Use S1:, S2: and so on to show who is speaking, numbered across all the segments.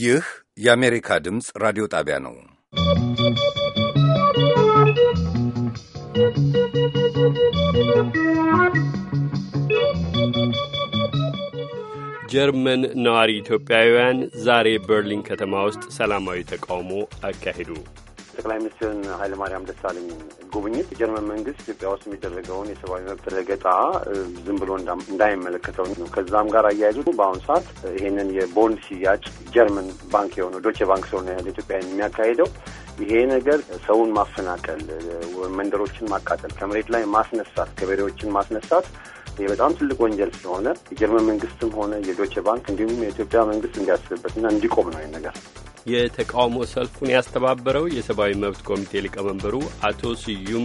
S1: ይህ የአሜሪካ ድምፅ ራዲዮ ጣቢያ ነው።
S2: ጀርመን ነዋሪ ኢትዮጵያውያን ዛሬ በርሊን ከተማ ውስጥ ሰላማዊ ተቃውሞ አካሄዱ።
S3: ጠቅላይ ሚኒስትርን ኃይለማርያም ደሳለኝ ጉብኝት ጀርመን መንግስት ኢትዮጵያ ውስጥ የሚደረገውን የሰብአዊ መብት ረገጣ ዝም ብሎ እንዳይመለከተው ነው። ከዛም ጋር አያይዙ በአሁኑ ሰዓት ይሄንን የቦንድ ሽያጭ ጀርመን ባንክ የሆነው ዶቼ ባንክ ስለሆነ ለኢትዮጵያ የሚያካሄደው ይሄ ነገር ሰውን ማፈናቀል፣ መንደሮችን ማቃጠል፣ ከመሬት ላይ ማስነሳት፣ ገበሬዎችን ማስነሳት ይህ በጣም ትልቅ ወንጀል ስለሆነ የጀርመን መንግስትም ሆነ የዶቼ ባንክ እንዲሁም የኢትዮጵያ መንግስት እንዲያስብበትና እንዲቆም ነው ይህ ነገር።
S2: የተቃውሞ ሰልፉን ያስተባበረው የሰብአዊ መብት ኮሚቴ ሊቀመንበሩ አቶ ስዩም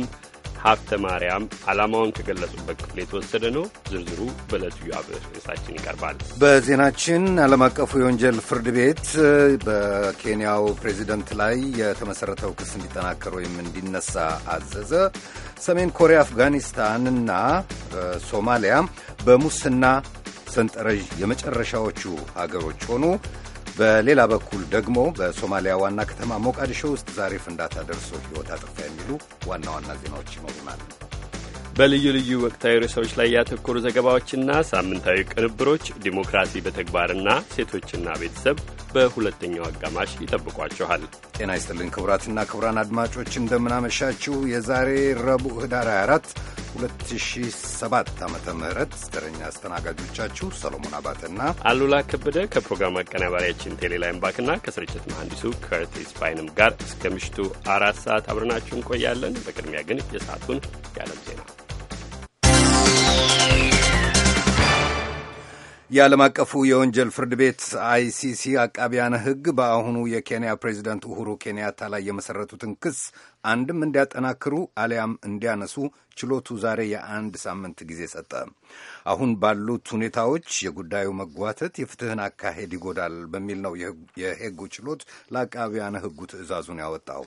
S2: ሀብተ ማርያም ዓላማውን ከገለጹበት ክፍል የተወሰደ ነው። ዝርዝሩ በዕለቱ ርዕሳችን ይቀርባል።
S1: በዜናችን ዓለም አቀፉ የወንጀል ፍርድ ቤት በኬንያው ፕሬዚደንት ላይ የተመሠረተው ክስ እንዲጠናከር ወይም እንዲነሳ አዘዘ። ሰሜን ኮሪያ፣ አፍጋኒስታንና ሶማሊያ በሙስና ሰንጠረዥ የመጨረሻዎቹ ሀገሮች ሆኑ። በሌላ በኩል ደግሞ በሶማሊያ ዋና ከተማ ሞቃዲሾ ውስጥ ዛሬ ፍንዳታ ደርሶ ሕይወት አጠፋ የሚሉ ዋና ዋና ዜናዎች ይኖሩናል።
S2: በልዩ ልዩ ወቅታዊ ርዕሶች ላይ ያተኮሩ ዘገባዎችና ሳምንታዊ ቅንብሮች፣ ዲሞክራሲ በተግባርና ሴቶችና ቤተሰብ በሁለተኛው አጋማሽ ይጠብቋችኋል። ጤና ይስጥልኝ ክቡራትና
S1: ክቡራን አድማጮች እንደምናመሻችሁ። የዛሬ ረቡዕ ህዳር 24 2007 ዓ ም ተረኛ አስተናጋጆቻችሁ ሰሎሞን አባተና
S2: አሉላ ከበደ ከፕሮግራም አቀናባሪያችን ቴሌላይም ባክና ከስርጭት መሐንዲሱ ከርቲስ ፋይንም ጋር እስከ ምሽቱ አራት ሰዓት አብረናችሁ እንቆያለን። በቅድሚያ ግን የሰዓቱን ያለም
S1: የዓለም አቀፉ የወንጀል ፍርድ ቤት አይሲሲ አቃቢያነ ሕግ በአሁኑ የኬንያ ፕሬዚደንት ኡሁሩ ኬንያታ ላይ የመሰረቱትን ክስ አንድም እንዲያጠናክሩ አሊያም እንዲያነሱ ችሎቱ ዛሬ የአንድ ሳምንት ጊዜ ሰጠ። አሁን ባሉት ሁኔታዎች የጉዳዩ መጓተት የፍትህን አካሄድ ይጎዳል በሚል ነው የሄጉ ችሎት ለአቃቢያነ ሕጉ ትዕዛዙን ያወጣው።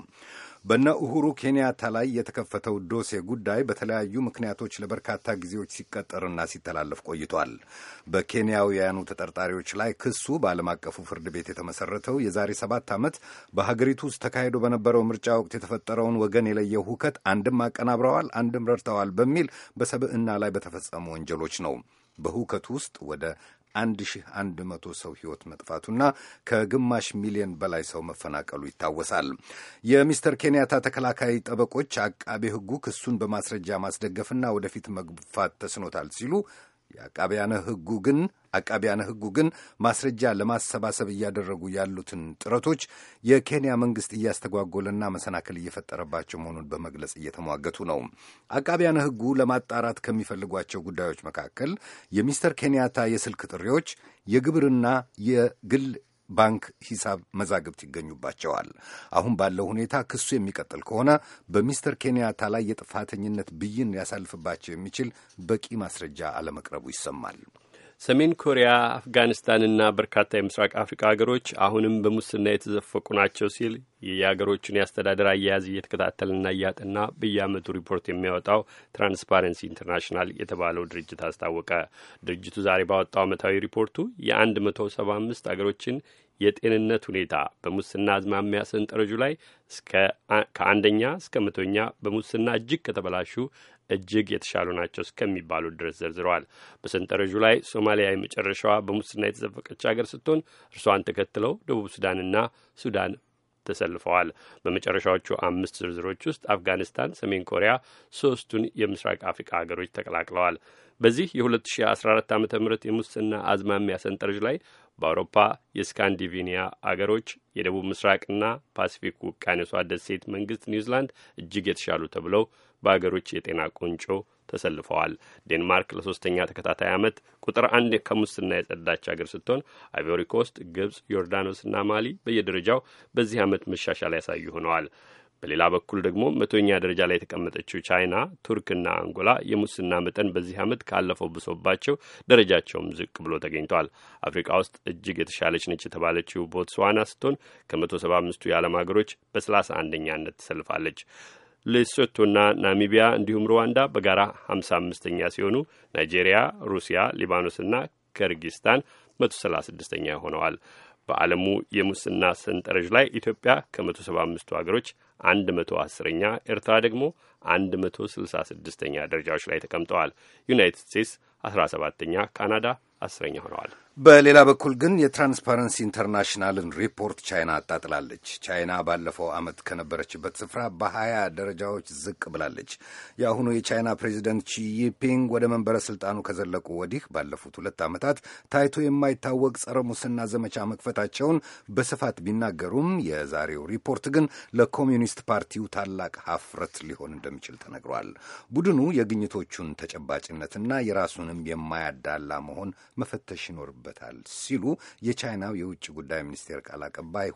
S1: በነ ኡሁሩ ኬንያታ ላይ የተከፈተው ዶሴ ጉዳይ በተለያዩ ምክንያቶች ለበርካታ ጊዜዎች ሲቀጠርና ሲተላለፍ ቆይቷል። በኬንያውያኑ ተጠርጣሪዎች ላይ ክሱ በዓለም አቀፉ ፍርድ ቤት የተመሰረተው የዛሬ ሰባት ዓመት በሀገሪቱ ውስጥ ተካሂዶ በነበረው ምርጫ ወቅት የተፈጠረውን ወገን የለየ ሁከት አንድም አቀናብረዋል፣ አንድም ረድተዋል በሚል በሰብዕና ላይ በተፈጸሙ ወንጀሎች ነው። በሁከቱ ውስጥ ወደ 1100 ሰው ሕይወት መጥፋቱና ከግማሽ ሚሊዮን በላይ ሰው መፈናቀሉ ይታወሳል። የሚስተር ኬንያታ ተከላካይ ጠበቆች አቃቤ ሕጉ ክሱን በማስረጃ ማስደገፍና ወደፊት መግፋት ተስኖታል ሲሉ የአቃቢያነ ሕጉ ግን አቃቢያነ ሕጉ ግን ማስረጃ ለማሰባሰብ እያደረጉ ያሉትን ጥረቶች የኬንያ መንግስት እያስተጓጎለና መሰናክል እየፈጠረባቸው መሆኑን በመግለጽ እየተሟገቱ ነው። አቃቢያነ ሕጉ ለማጣራት ከሚፈልጓቸው ጉዳዮች መካከል የሚስተር ኬንያታ የስልክ ጥሪዎች፣ የግብርና የግል ባንክ ሂሳብ መዛግብት ይገኙባቸዋል። አሁን ባለው ሁኔታ ክሱ የሚቀጥል ከሆነ በሚስተር ኬንያታ ላይ የጥፋተኝነት ብይን ሊያሳልፍባቸው የሚችል በቂ ማስረጃ አለመቅረቡ ይሰማል።
S2: ሰሜን ኮሪያ፣ አፍጋኒስታንና በርካታ የምስራቅ አፍሪካ ሀገሮች አሁንም በሙስና የተዘፈቁ ናቸው ሲል የየሀገሮቹን የአስተዳደር አያያዝ እየተከታተልና እያጠና በየዓመቱ ሪፖርት የሚያወጣው ትራንስፓረንሲ ኢንተርናሽናል የተባለው ድርጅት አስታወቀ። ድርጅቱ ዛሬ ባወጣው ዓመታዊ ሪፖርቱ የአንድ 175 አገሮችን የጤንነት ሁኔታ በሙስና አዝማሚያ ሰንጠረዡ ላይ ከአንደኛ እስከ መቶኛ በሙስና እጅግ ከተበላሹ እጅግ የተሻሉ ናቸው እስከሚባሉት ድረስ ዘርዝረዋል። በሰንጠረዡ ላይ ሶማሊያ የመጨረሻዋ በሙስና የተዘፈቀች ሀገር ስትሆን እርሷን ተከትለው ደቡብ ሱዳንና ሱዳን ተሰልፈዋል። በመጨረሻዎቹ አምስት ዝርዝሮች ውስጥ አፍጋኒስታን፣ ሰሜን ኮሪያ ሶስቱን የምስራቅ አፍሪካ ሀገሮች ተቀላቅለዋል። በዚህ የ2014 ዓ ም የሙስና አዝማሚያ ሰንጠረዥ ላይ በአውሮፓ የስካንዲቪኒያ አገሮች የደቡብ ምስራቅና ፓሲፊክ ውቅያኖስ ደሴት መንግስት ኒውዚላንድ እጅግ የተሻሉ ተብለው በአገሮች የጤና ቁንጮ ተሰልፈዋል። ዴንማርክ ለሶስተኛ ተከታታይ ዓመት ቁጥር አንድ ከሙስና የጸዳች አገር ስትሆን አይቮሪኮስት፣ ግብጽ፣ ዮርዳኖስና ማሊ በየደረጃው በዚህ ዓመት መሻሻል ያሳዩ ሆነዋል። በሌላ በኩል ደግሞ መቶኛ ደረጃ ላይ የተቀመጠችው ቻይና፣ ቱርክና አንጎላ የሙስና መጠን በዚህ ዓመት ካለፈው ብሶባቸው ደረጃቸውም ዝቅ ብሎ ተገኝቷል። አፍሪቃ ውስጥ እጅግ የተሻለች ነች የተባለችው ቦትስዋና ስትሆን ከ 175 አምስቱ የዓለም ሀገሮች በ አንደኛነት ትሰልፋለች። ሌሶቶና ናሚቢያ እንዲሁም ሩዋንዳ በጋራ ሀምሳ አምስተኛ ሲሆኑ ናይጄሪያ፣ ሩሲያ፣ ሊባኖስና ክርጊስታን መቶ ሰላሳ ስድስተኛ ሆነዋል። በዓለሙ የሙስና ሰንጠረዥ ላይ ኢትዮጵያ ከመቶ ሰባ አምስቱ ሀገሮች አንድ መቶ አስረኛ ኤርትራ ደግሞ አንድ መቶ ስልሳ ስድስተኛ ደረጃዎች ላይ ተቀምጠዋል። ዩናይትድ ስቴትስ አስራ ሰባተኛ ካናዳ አስረኛ ሆነዋል።
S1: በሌላ በኩል ግን የትራንስፓረንሲ ኢንተርናሽናልን ሪፖርት ቻይና አጣጥላለች። ቻይና ባለፈው ዓመት ከነበረችበት ስፍራ በሀያ ደረጃዎች ዝቅ ብላለች። የአሁኑ የቻይና ፕሬዚደንት ሺይፒንግ ወደ መንበረ ስልጣኑ ከዘለቁ ወዲህ ባለፉት ሁለት ዓመታት ታይቶ የማይታወቅ ጸረ ሙስና ዘመቻ መክፈታቸውን በስፋት ቢናገሩም የዛሬው ሪፖርት ግን ለኮሚኒስት ፓርቲው ታላቅ ሀፍረት ሊሆን እንደሚችል ተነግሯል። ቡድኑ የግኝቶቹን ተጨባጭነትና የራሱንም የማያዳላ መሆን መፈተሽ ይኖርበታል ሲሉ የቻይናው የውጭ ጉዳይ ሚኒስቴር ቃል አቀባይ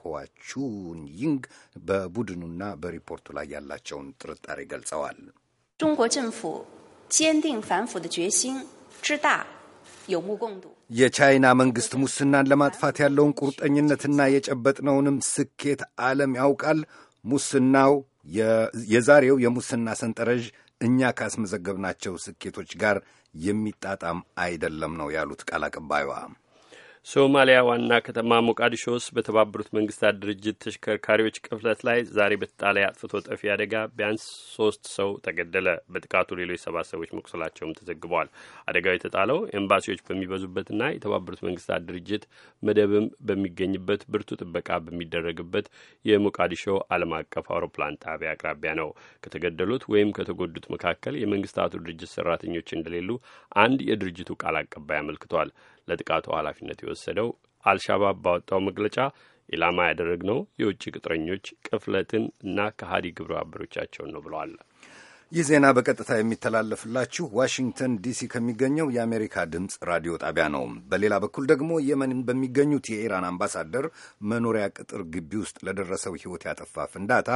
S1: ቹን ይንግ በቡድኑና በሪፖርቱ ላይ ያላቸውን ጥርጣሬ ገልጸዋል። የቻይና መንግስት ሙስናን ለማጥፋት ያለውን ቁርጠኝነትና የጨበጥነውንም ስኬት ዓለም ያውቃል። ሙስናው የዛሬው የሙስና ሰንጠረዥ እኛ ካስመዘገብናቸው ስኬቶች ጋር የሚጣጣም አይደለም ነው
S2: ያሉት ቃል አቀባዩዋ። ሶማሊያ ዋና ከተማ ሞቃዲሾ ውስጥ በተባበሩት መንግስታት ድርጅት ተሽከርካሪዎች ቅፍለት ላይ ዛሬ በተጣለ አጥፍቶ ጠፊ አደጋ ቢያንስ ሶስት ሰው ተገደለ። በጥቃቱ ሌሎች ሰባት ሰዎች መቁሰላቸውም ተዘግበዋል። አደጋው የተጣለው ኤምባሲዎች በሚበዙበትና የተባበሩት መንግስታት ድርጅት መደብም በሚገኝበት ብርቱ ጥበቃ በሚደረግበት የሞቃዲሾ ዓለም አቀፍ አውሮፕላን ጣቢያ አቅራቢያ ነው። ከተገደሉት ወይም ከተጎዱት መካከል የመንግስታቱ ድርጅት ሰራተኞች እንደሌሉ አንድ የድርጅቱ ቃል አቀባይ አመልክቷል። ለጥቃቱ ኃላፊነት የወሰደው አልሻባብ ባወጣው መግለጫ ኢላማ ያደረግነው የውጭ ቅጥረኞች ቅፍለትን እና ከሃዲ ግብረ አበሮቻቸውን ነው ብለዋል።
S1: ይህ ዜና በቀጥታ የሚተላለፍላችሁ ዋሽንግተን ዲሲ ከሚገኘው የአሜሪካ ድምፅ ራዲዮ ጣቢያ ነው። በሌላ በኩል ደግሞ የመን በሚገኙት የኢራን አምባሳደር መኖሪያ ቅጥር ግቢ ውስጥ ለደረሰው ሕይወት ያጠፋ ፍንዳታ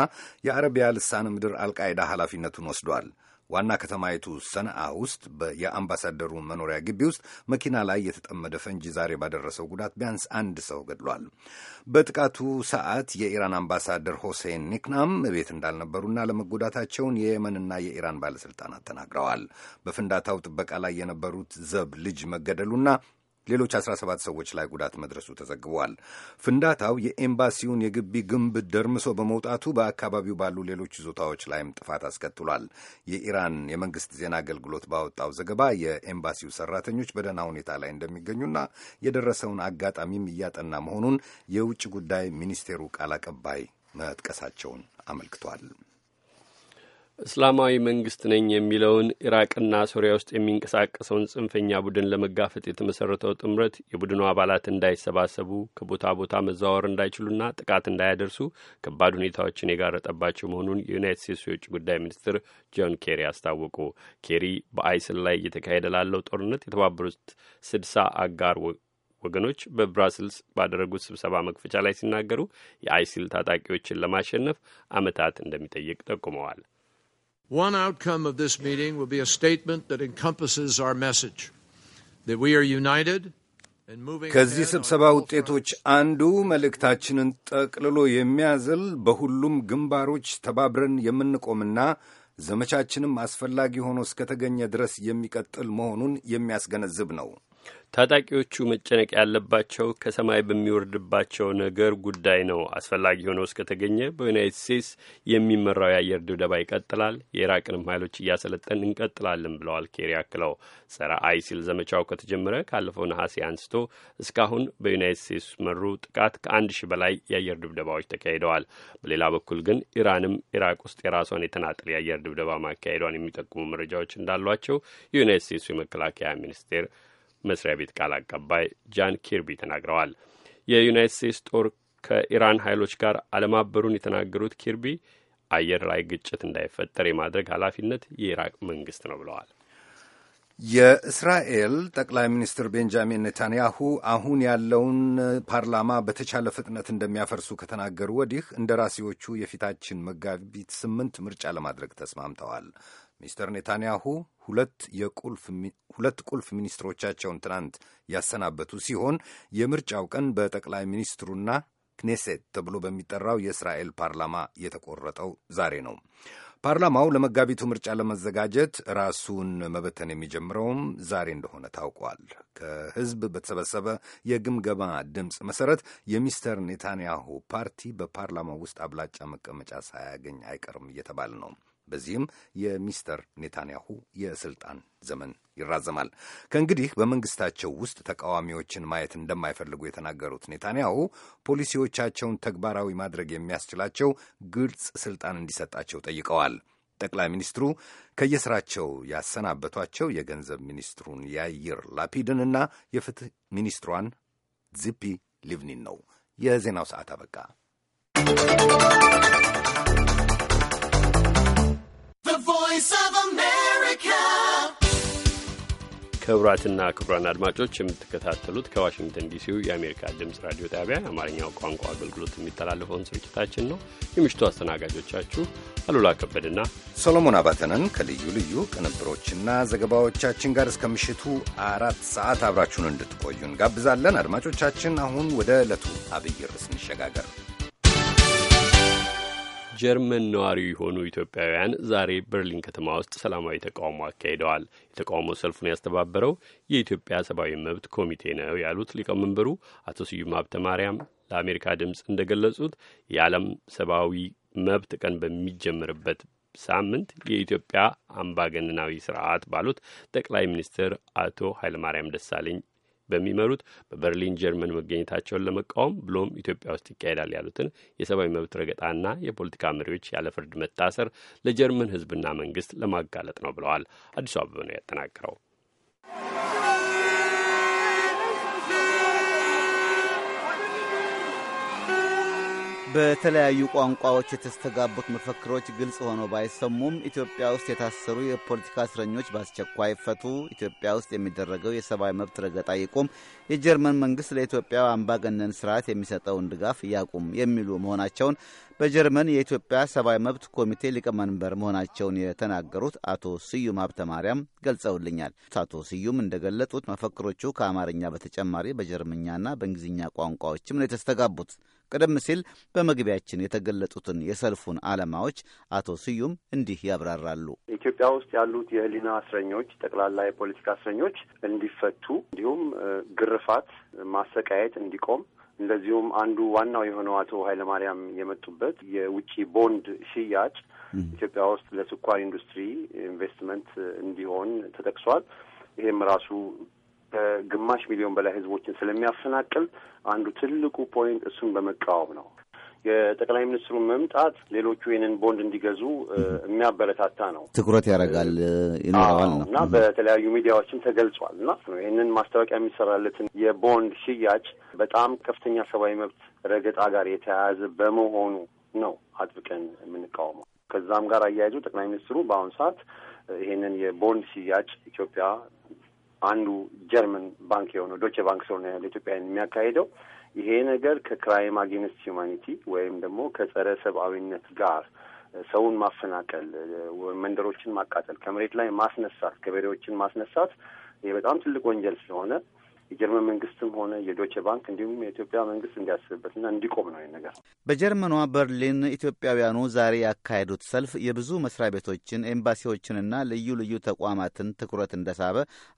S1: የአረቢያ ልሳነ ምድር አልቃይዳ ኃላፊነቱን ወስዷል። ዋና ከተማይቱ ሰነአ ውስጥ የአምባሳደሩ መኖሪያ ግቢ ውስጥ መኪና ላይ የተጠመደ ፈንጂ ዛሬ ባደረሰው ጉዳት ቢያንስ አንድ ሰው ገድሏል። በጥቃቱ ሰዓት የኢራን አምባሳደር ሆሴን ኒክናም ቤት እንዳልነበሩና ለመጎዳታቸውን የየመንና የኢራን ባለሥልጣናት ተናግረዋል። በፍንዳታው ጥበቃ ላይ የነበሩት ዘብ ልጅ መገደሉና ሌሎች 17 ሰዎች ላይ ጉዳት መድረሱ ተዘግቧል። ፍንዳታው የኤምባሲውን የግቢ ግንብ ደርምሶ በመውጣቱ በአካባቢው ባሉ ሌሎች ይዞታዎች ላይም ጥፋት አስከትሏል። የኢራን የመንግስት ዜና አገልግሎት ባወጣው ዘገባ የኤምባሲው ሰራተኞች በደህና ሁኔታ ላይ እንደሚገኙና የደረሰውን አጋጣሚም እያጠና መሆኑን የውጭ ጉዳይ ሚኒስቴሩ ቃል አቀባይ መጥቀሳቸውን አመልክቷል።
S2: እስላማዊ መንግስት ነኝ የሚለውን ኢራቅና ሶሪያ ውስጥ የሚንቀሳቀሰውን ጽንፈኛ ቡድን ለመጋፈጥ የተመሰረተው ጥምረት የቡድኑ አባላት እንዳይሰባሰቡ፣ ከቦታ ቦታ መዘዋወር እንዳይችሉና ጥቃት እንዳያደርሱ ከባድ ሁኔታዎችን የጋረጠባቸው መሆኑን የዩናይት ስቴትስ የውጭ ጉዳይ ሚኒስትር ጆን ኬሪ አስታወቁ። ኬሪ በአይስል ላይ እየተካሄደ ላለው ጦርነት የተባበሩት ስድሳ አጋር ወገኖች በብራስልስ ባደረጉት ስብሰባ መክፈቻ ላይ ሲናገሩ የአይሲል ታጣቂዎችን ለማሸነፍ ዓመታት እንደሚጠይቅ ጠቁመዋል።
S4: One
S5: outcome of this meeting will be a statement that encompasses our message that we are
S1: united. ከዚህ ስብሰባ ውጤቶች አንዱ መልእክታችንን ጠቅልሎ የሚያዝል በሁሉም ግንባሮች ተባብረን የምንቆምና ዘመቻችንም አስፈላጊ ሆኖ እስከተገኘ ድረስ የሚቀጥል መሆኑን የሚያስገነዝብ ነው።
S2: ታጣቂዎቹ መጨነቅ ያለባቸው ከሰማይ በሚወርድባቸው ነገር ጉዳይ ነው። አስፈላጊ ሆኖ እስከተገኘ በዩናይትድ ስቴትስ የሚመራው የአየር ድብደባ ይቀጥላል፣ የኢራቅንም ኃይሎች እያሰለጠን እንቀጥላለን ብለዋል። ኬሪ አክለው ጸረ አይሲል ዘመቻው ከተጀመረ ካለፈው ነሐሴ አንስቶ እስካሁን በዩናይትድ ስቴትስ መሩ ጥቃት ከአንድ ሺህ በላይ የአየር ድብደባዎች ተካሂደዋል። በሌላ በኩል ግን ኢራንም ኢራቅ ውስጥ የራሷን የተናጠል የአየር ድብደባ ማካሄዷን የሚጠቁሙ መረጃዎች እንዳሏቸው የዩናይትድ ስቴትሱ የመከላከያ ሚኒስቴር መስሪያ ቤት ቃል አቀባይ ጃን ኪርቢ ተናግረዋል። የዩናይት ስቴትስ ጦር ከኢራን ኃይሎች ጋር አለማበሩን የተናገሩት ኪርቢ አየር ላይ ግጭት እንዳይፈጠር የማድረግ ኃላፊነት የኢራቅ መንግስት ነው ብለዋል።
S1: የእስራኤል ጠቅላይ ሚኒስትር ቤንጃሚን ኔታንያሁ አሁን ያለውን ፓርላማ በተቻለ ፍጥነት እንደሚያፈርሱ ከተናገሩ ወዲህ እንደራሴዎቹ የፊታችን መጋቢት ስምንት ምርጫ ለማድረግ ተስማምተዋል። ሚስተር ኔታንያሁ ሁለት ቁልፍ ሚኒስትሮቻቸውን ትናንት ያሰናበቱ ሲሆን የምርጫው ቀን በጠቅላይ ሚኒስትሩና ክኔሴት ተብሎ በሚጠራው የእስራኤል ፓርላማ የተቆረጠው ዛሬ ነው። ፓርላማው ለመጋቢቱ ምርጫ ለመዘጋጀት ራሱን መበተን የሚጀምረውም ዛሬ እንደሆነ ታውቋል። ከሕዝብ በተሰበሰበ የግምገማ ድምፅ መሰረት የሚስተር ኔታንያሁ ፓርቲ በፓርላማው ውስጥ አብላጫ መቀመጫ ሳያገኝ አይቀርም እየተባለ ነው። በዚህም የሚስተር ኔታንያሁ የስልጣን ዘመን ይራዘማል። ከእንግዲህ በመንግስታቸው ውስጥ ተቃዋሚዎችን ማየት እንደማይፈልጉ የተናገሩት ኔታንያሁ ፖሊሲዎቻቸውን ተግባራዊ ማድረግ የሚያስችላቸው ግልጽ ስልጣን እንዲሰጣቸው ጠይቀዋል። ጠቅላይ ሚኒስትሩ ከየስራቸው ያሰናበቷቸው የገንዘብ ሚኒስትሩን ላፒድን ላፒድንና የፍትህ ሚኒስትሯን ዚፒ ሊቭኒን ነው። የዜናው ሰዓት አበቃ።
S2: ክቡራትና ክቡራን አድማጮች የምትከታተሉት ከዋሽንግተን ዲሲው የአሜሪካ ድምፅ ራዲዮ ጣቢያ የአማርኛው ቋንቋ አገልግሎት የሚተላለፈውን ስርጭታችን ነው። የምሽቱ አስተናጋጆቻችሁ አሉላ ከበድና
S1: ሰሎሞን አባተነን ከልዩ ልዩ ቅንብሮችና ዘገባዎቻችን ጋር እስከ ምሽቱ አራት ሰዓት አብራችሁን
S2: እንድትቆዩ እንጋብዛለን። አድማጮቻችን አሁን ወደ ዕለቱ አብይ ርዕስ እንሸጋገር። ጀርመን ነዋሪ የሆኑ ኢትዮጵያውያን ዛሬ በርሊን ከተማ ውስጥ ሰላማዊ ተቃውሞ አካሂደዋል። የተቃውሞ ሰልፉን ያስተባበረው የኢትዮጵያ ሰብአዊ መብት ኮሚቴ ነው ያሉት ሊቀመንበሩ አቶ ስዩም ሀብተ ማርያም ለአሜሪካ ድምፅ እንደገለጹት የዓለም ሰብአዊ መብት ቀን በሚጀምርበት ሳምንት የኢትዮጵያ አምባገነናዊ ስርዓት ባሉት ጠቅላይ ሚኒስትር አቶ ኃይለማርያም ደሳለኝ በሚመሩት በበርሊን ጀርመን መገኘታቸውን ለመቃወም ብሎም ኢትዮጵያ ውስጥ ይካሄዳል ያሉትን የሰብአዊ መብት ረገጣና የፖለቲካ መሪዎች ያለ ፍርድ መታሰር ለጀርመን ሕዝብና መንግስት ለማጋለጥ ነው ብለዋል። አዲሱ አበበ ነው ያጠናቅረው።
S6: በተለያዩ ቋንቋዎች የተስተጋቡት መፈክሮች ግልጽ ሆኖ ባይሰሙም ኢትዮጵያ ውስጥ የታሰሩ የፖለቲካ እስረኞች በአስቸኳይ ፈቱ ኢትዮጵያ ውስጥ የሚደረገው የሰብአዊ መብት ረገጣ ይቁም፣ የጀርመን መንግሥት ለኢትዮጵያ አምባገነን ስርዓት የሚሰጠውን ድጋፍ ያቁም የሚሉ መሆናቸውን በጀርመን የኢትዮጵያ ሰብአዊ መብት ኮሚቴ ሊቀመንበር መሆናቸውን የተናገሩት አቶ ስዩም ሀብተ ማርያም ገልጸውልኛል። አቶ ስዩም እንደገለጡት መፈክሮቹ ከአማርኛ በተጨማሪ በጀርመኛና በእንግሊዝኛ ቋንቋዎችም ነው የተስተጋቡት። ቀደም ሲል በመግቢያችን የተገለጹትን የሰልፉን ዓላማዎች አቶ ስዩም እንዲህ ያብራራሉ።
S3: ኢትዮጵያ ውስጥ ያሉት የህሊና እስረኞች ጠቅላላ የፖለቲካ እስረኞች እንዲፈቱ እንዲሁም ግርፋት፣ ማሰቃየት እንዲቆም እንደዚሁም አንዱ ዋናው የሆነው አቶ ኃይለማርያም የመጡበት የውጭ ቦንድ ሽያጭ ኢትዮጵያ ውስጥ ለስኳር ኢንዱስትሪ ኢንቨስትመንት እንዲሆን ተጠቅሷል። ይሄም ራሱ ከግማሽ ሚሊዮን በላይ ህዝቦችን ስለሚያፈናቅል አንዱ ትልቁ ፖይንት እሱን በመቃወም ነው። የጠቅላይ ሚኒስትሩ መምጣት ሌሎቹ ይህንን ቦንድ እንዲገዙ የሚያበረታታ ነው።
S6: ትኩረት ያደርጋል ይኖረዋል ነው እና
S3: በተለያዩ ሚዲያዎችም ተገልጿል እና ይህንን ማስታወቂያ የሚሰራለትን የቦንድ ሽያጭ በጣም ከፍተኛ ሰብአዊ መብት ረገጣ ጋር የተያያዘ በመሆኑ ነው አጥብቀን የምንቃወመው። ከዛም ጋር አያይዞ ጠቅላይ ሚኒስትሩ በአሁኑ ሰዓት ይህንን የቦንድ ሽያጭ ኢትዮጵያ አንዱ ጀርመን ባንክ የሆነው ዶቼ ባንክ ስለሆነ ለኢትዮጵያውያን የሚያካሂደው ይሄ ነገር ከክራይም አጌንስት ሂውማኒቲ ወይም ደግሞ ከጸረ ሰብአዊነት ጋር ሰውን ማፈናቀል፣ መንደሮችን ማቃጠል፣ ከመሬት ላይ ማስነሳት፣ ገበሬዎችን ማስነሳት ይህ በጣም ትልቅ ወንጀል ስለሆነ የጀርመን መንግስትም ሆነ የዶቼ ባንክ እንዲሁም የኢትዮጵያ መንግስት እንዲያስብበትና እንዲቆም ነው ይህ ነገር።
S6: በጀርመኗ በርሊን ኢትዮጵያውያኑ ዛሬ ያካሄዱት ሰልፍ የብዙ መስሪያ ቤቶችን ኤምባሲዎችንና ልዩ ልዩ ተቋማትን ትኩረት እንደሳበ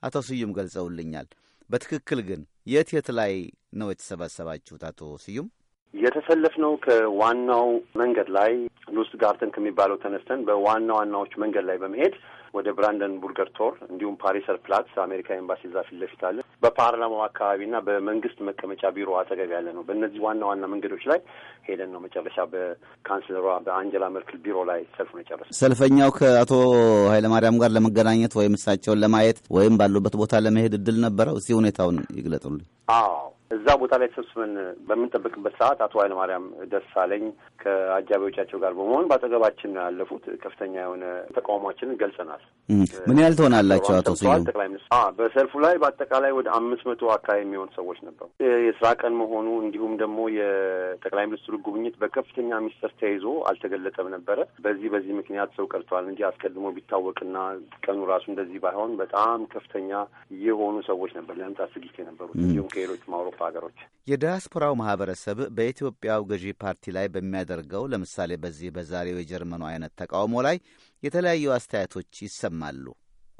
S6: አቶ ስዩም ገልጸውልኛል። በትክክል ግን የት የት ላይ ነው የተሰባሰባችሁት አቶ ስዩም?
S3: የተሰለፍነው ከዋናው መንገድ ላይ ሉስ ጋርተን ከሚባለው ተነስተን በዋና ዋናዎች መንገድ ላይ በመሄድ ወደ ብራንደንቡርገር ቶር እንዲሁም ፓሪሰር ፕላትስ አሜሪካ ኤምባሲ እዛ ፊት ለፊት አለ። በፓርላማው አካባቢና በመንግስት መቀመጫ ቢሮ አጠገብ ያለ ነው። በእነዚህ ዋና ዋና መንገዶች ላይ ሄደን ነው መጨረሻ በካንስለሯ በአንጀላ መርክል ቢሮ ላይ ሰልፉን የጨረሰ።
S6: ሰልፈኛው ከአቶ ኃይለማርያም ጋር ለመገናኘት ወይም እሳቸውን ለማየት ወይም ባሉበት ቦታ ለመሄድ እድል ነበረው? እስቲ ሁኔታውን
S3: ይግለጡልኝ። አዎ እዛ ቦታ ላይ ተሰብስበን በምንጠብቅበት ሰዓት አቶ ኃይለማርያም ደሳለኝ ከአጃቢዎቻቸው ጋር በመሆን በአጠገባችን ነው ያለፉት። ከፍተኛ የሆነ ተቃውሟችንን ገልጸናል።
S6: ምን ያህል ትሆናላቸው? አቶ ስዩም
S3: ጠቅላይ ሚኒስትር በሰልፉ ላይ በአጠቃላይ ወደ አምስት መቶ አካባቢ የሚሆን ሰዎች ነበሩ። የስራ ቀን መሆኑ እንዲሁም ደግሞ የጠቅላይ ሚኒስትሩ ጉብኝት በከፍተኛ ሚኒስተር ተይዞ አልተገለጠም ነበረ። በዚህ በዚህ ምክንያት ሰው ቀርቷል እንጂ አስቀድሞ ቢታወቅና ቀኑ ራሱ እንደዚህ ባይሆን በጣም ከፍተኛ የሆኑ ሰዎች ነበር ለመምጣት ዝግጅት የነበሩት እንዲሁም ከሌሎች ማውሮ የሚደግፉ ሀገሮች።
S6: የዲያስፖራው ማህበረሰብ በኢትዮጵያው ገዢ ፓርቲ ላይ በሚያደርገው ለምሳሌ በዚህ በዛሬው የጀርመኑ አይነት ተቃውሞ ላይ የተለያዩ አስተያየቶች ይሰማሉ።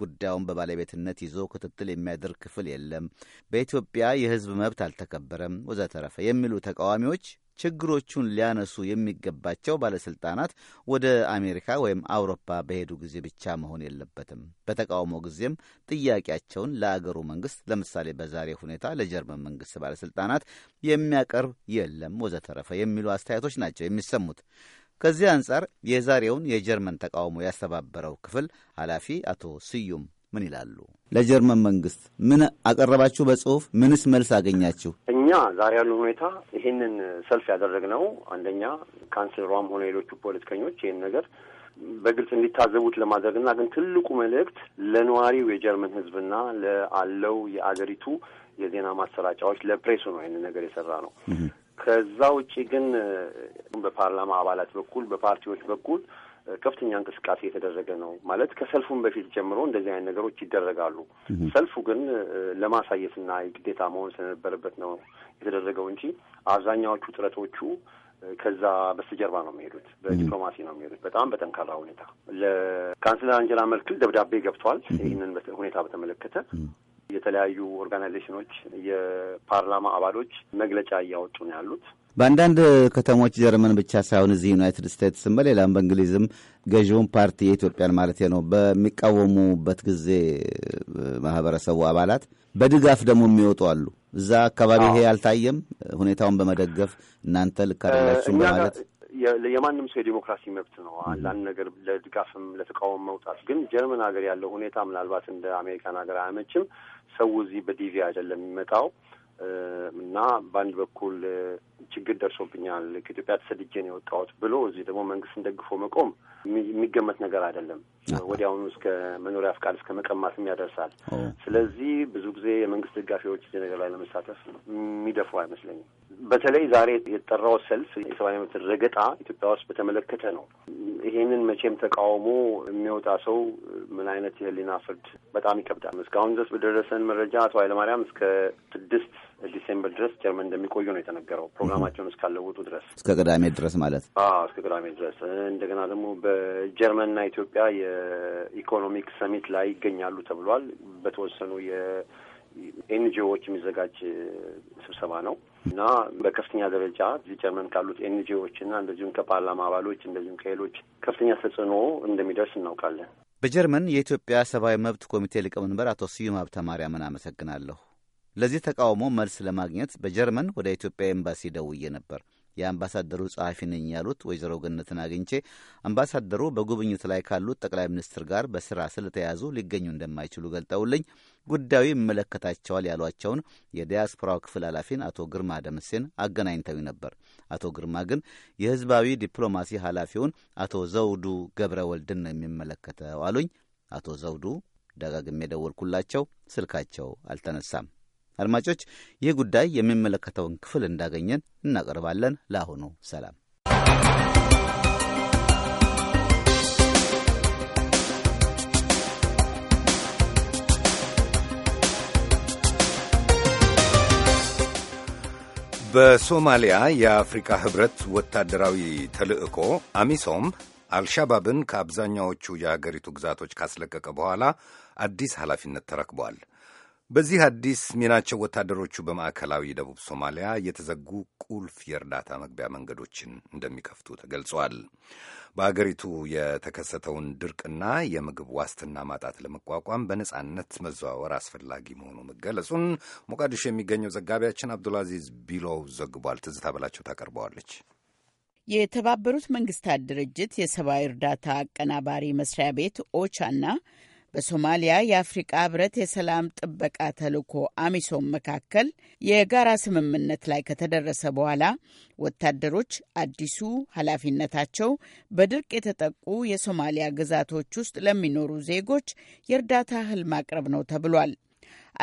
S6: ጉዳዩን በባለቤትነት ይዞ ክትትል የሚያደርግ ክፍል የለም፣ በኢትዮጵያ የህዝብ መብት አልተከበረም፣ ወዘተረፈ የሚሉ ተቃዋሚዎች ችግሮቹን ሊያነሱ የሚገባቸው ባለሥልጣናት ወደ አሜሪካ ወይም አውሮፓ በሄዱ ጊዜ ብቻ መሆን የለበትም። በተቃውሞ ጊዜም ጥያቄያቸውን ለአገሩ መንግሥት፣ ለምሳሌ በዛሬ ሁኔታ ለጀርመን መንግሥት ባለሥልጣናት የሚያቀርብ የለም ወዘተረፈ የሚሉ አስተያየቶች ናቸው የሚሰሙት። ከዚህ አንጻር የዛሬውን የጀርመን ተቃውሞ ያስተባበረው ክፍል ኃላፊ አቶ ስዩም ምን ይላሉ? ለጀርመን መንግስት ምን አቀረባችሁ? በጽሁፍ ምንስ መልስ አገኛችሁ?
S3: እኛ ዛሬ ያሉ ሁኔታ ይህንን ሰልፍ ያደረግነው አንደኛ ካንስለሯም ሆነ ሌሎቹ ፖለቲከኞች ይህን ነገር በግልጽ እንዲታዘቡት ለማድረግና ግን ትልቁ መልእክት ለነዋሪው የጀርመን ህዝብና ለአለው የአገሪቱ የዜና ማሰራጫዎች ለፕሬሱ ነው ይህንን ነገር የሰራ ነው። ከዛ ውጪ ግን በፓርላማ አባላት በኩል በፓርቲዎች በኩል ከፍተኛ እንቅስቃሴ የተደረገ ነው ማለት ከሰልፉም በፊት ጀምሮ እንደዚህ አይነት ነገሮች ይደረጋሉ። ሰልፉ ግን ለማሳየትና ግዴታ መሆን ስለነበረበት ነው የተደረገው እንጂ አብዛኛዎቹ ጥረቶቹ ከዛ በስተጀርባ ነው የሚሄዱት። በዲፕሎማሲ ነው የሚሄዱት። በጣም በጠንካራ ሁኔታ ለካንስለር አንጀላ መርክል ደብዳቤ ገብቷል። ይህንን ሁኔታ በተመለከተ የተለያዩ ኦርጋናይዜሽኖች፣ የፓርላማ አባሎች መግለጫ እያወጡ ነው ያሉት።
S6: በአንዳንድ ከተሞች ጀርመን ብቻ ሳይሆን እዚህ ዩናይትድ ስቴትስም በሌላም በእንግሊዝም ገዢውን ፓርቲ የኢትዮጵያን ማለት ነው በሚቃወሙበት ጊዜ ማህበረሰቡ አባላት በድጋፍ ደግሞ የሚወጡ አሉ። እዛ አካባቢ ይሄ አልታየም። ሁኔታውን በመደገፍ እናንተ ልክ ማለት
S3: የማንም ሰው የዲሞክራሲ መብት ነው ለአንድ ነገር ለድጋፍም ለተቃውሞ መውጣት። ግን ጀርመን ሀገር ያለው ሁኔታ ምናልባት እንደ አሜሪካን ሀገር አያመችም። ሰው እዚህ በዲቪ አይደለም የሚመጣው እና በአንድ በኩል ችግር ደርሶብኛል ከኢትዮጵያ ተሰድጄ ነው የወጣሁት ብሎ እዚህ ደግሞ መንግስትን ደግፎ መቆም የሚገመት ነገር አይደለም። ወዲያውኑ እስከ መኖሪያ ፍቃድ እስከ መቀማትም ያደርሳል። ስለዚህ ብዙ ጊዜ የመንግስት ደጋፊዎች እዚህ ነገር ላይ ለመሳተፍ የሚደፉ አይመስለኝም። በተለይ ዛሬ የተጠራው ሰልፍ የሰብአዊ መብት ረገጣ ኢትዮጵያ ውስጥ በተመለከተ ነው። ይሄንን መቼም ተቃውሞ የሚወጣ ሰው ምን አይነት የህሊና ፍርድ በጣም ይከብዳል። እስካሁን ድረስ በደረሰን መረጃ አቶ ኃይለማርያም እስከ ስድስት ዲሴምበር ድረስ ጀርመን እንደሚቆዩ ነው የተነገረው። ፕሮግራማቸውን እስካለወጡ ድረስ
S6: እስከ ቅዳሜ ድረስ ማለት
S3: እስከ ቅዳሜ ድረስ። እንደገና ደግሞ በጀርመንና ኢትዮጵያ የኢኮኖሚክ ሰሚት ላይ ይገኛሉ ተብሏል። በተወሰኑ የኤንጂኦዎች የሚዘጋጅ ስብሰባ ነው። እና በከፍተኛ ደረጃ እዚህ ጀርመን ካሉት ኤንጂዎች እና እንደዚሁም ከፓርላማ አባሎች እንደዚሁም ከሌሎች ከፍተኛ ተጽዕኖ እንደሚደርስ እናውቃለን።
S6: በጀርመን የኢትዮጵያ ሰብአዊ መብት ኮሚቴ ሊቀመንበር አቶ ስዩም ሀብተ ማርያምን አመሰግናለሁ። ለዚህ ተቃውሞ መልስ ለማግኘት በጀርመን ወደ ኢትዮጵያ ኤምባሲ ደውዬ ነበር። የአምባሳደሩ ጸሐፊ ነኝ ያሉት ወይዘሮ ገነትን አግኝቼ አምባሳደሩ በጉብኝት ላይ ካሉት ጠቅላይ ሚኒስትር ጋር በስራ ስለተያዙ ሊገኙ እንደማይችሉ ገልጠውልኝ ጉዳዩ ይመለከታቸዋል ያሏቸውን የዲያስፖራው ክፍል ኃላፊን አቶ ግርማ ደምሴን አገናኝተው ነበር። አቶ ግርማ ግን የህዝባዊ ዲፕሎማሲ ኃላፊውን አቶ ዘውዱ ገብረ ወልድን ነው የሚመለከተው አሉኝ። አቶ ዘውዱ ደጋግሜ ደወልኩላቸው፣ ስልካቸው አልተነሳም። አድማጮች፣ ይህ ጉዳይ የሚመለከተውን ክፍል እንዳገኘን እናቀርባለን። ለአሁኑ ሰላም።
S1: በሶማሊያ የአፍሪካ ህብረት ወታደራዊ ተልዕኮ አሚሶም አልሻባብን ከአብዛኛዎቹ የአገሪቱ ግዛቶች ካስለቀቀ በኋላ አዲስ ኃላፊነት ተረክቧል። በዚህ አዲስ ሚናቸው ወታደሮቹ በማዕከላዊ ደቡብ ሶማሊያ የተዘጉ ቁልፍ የእርዳታ መግቢያ መንገዶችን እንደሚከፍቱ ተገልጿል። በአገሪቱ የተከሰተውን ድርቅና የምግብ ዋስትና ማጣት ለመቋቋም በነጻነት መዘዋወር አስፈላጊ መሆኑ መገለጹን ሞቃዲሾ የሚገኘው ዘጋቢያችን አብዱልአዚዝ ቢሎው ዘግቧል። ትዝታ በላቸው ታቀርበዋለች።
S7: የተባበሩት መንግስታት ድርጅት የሰብአዊ እርዳታ አቀናባሪ መስሪያ ቤት ኦቻና በሶማሊያ የአፍሪቃ ህብረት የሰላም ጥበቃ ተልዕኮ አሚሶም መካከል የጋራ ስምምነት ላይ ከተደረሰ በኋላ ወታደሮች አዲሱ ኃላፊነታቸው በድርቅ የተጠቁ የሶማሊያ ግዛቶች ውስጥ ለሚኖሩ ዜጎች የእርዳታ እህል ማቅረብ ነው ተብሏል።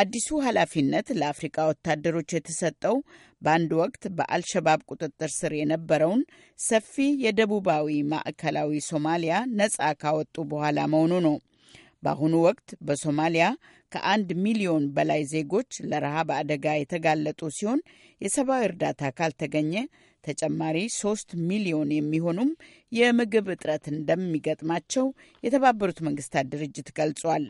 S7: አዲሱ ኃላፊነት ለአፍሪቃ ወታደሮች የተሰጠው በአንድ ወቅት በአልሸባብ ቁጥጥር ስር የነበረውን ሰፊ የደቡባዊ ማዕከላዊ ሶማሊያ ነጻ ካወጡ በኋላ መሆኑ ነው። በአሁኑ ወቅት በሶማሊያ ከአንድ ሚሊዮን በላይ ዜጎች ለረሃብ አደጋ የተጋለጡ ሲሆን የሰብአዊ እርዳታ ካልተገኘ ተጨማሪ ሶስት ሚሊዮን የሚሆኑም የምግብ እጥረት እንደሚገጥማቸው የተባበሩት መንግስታት ድርጅት ገልጿል።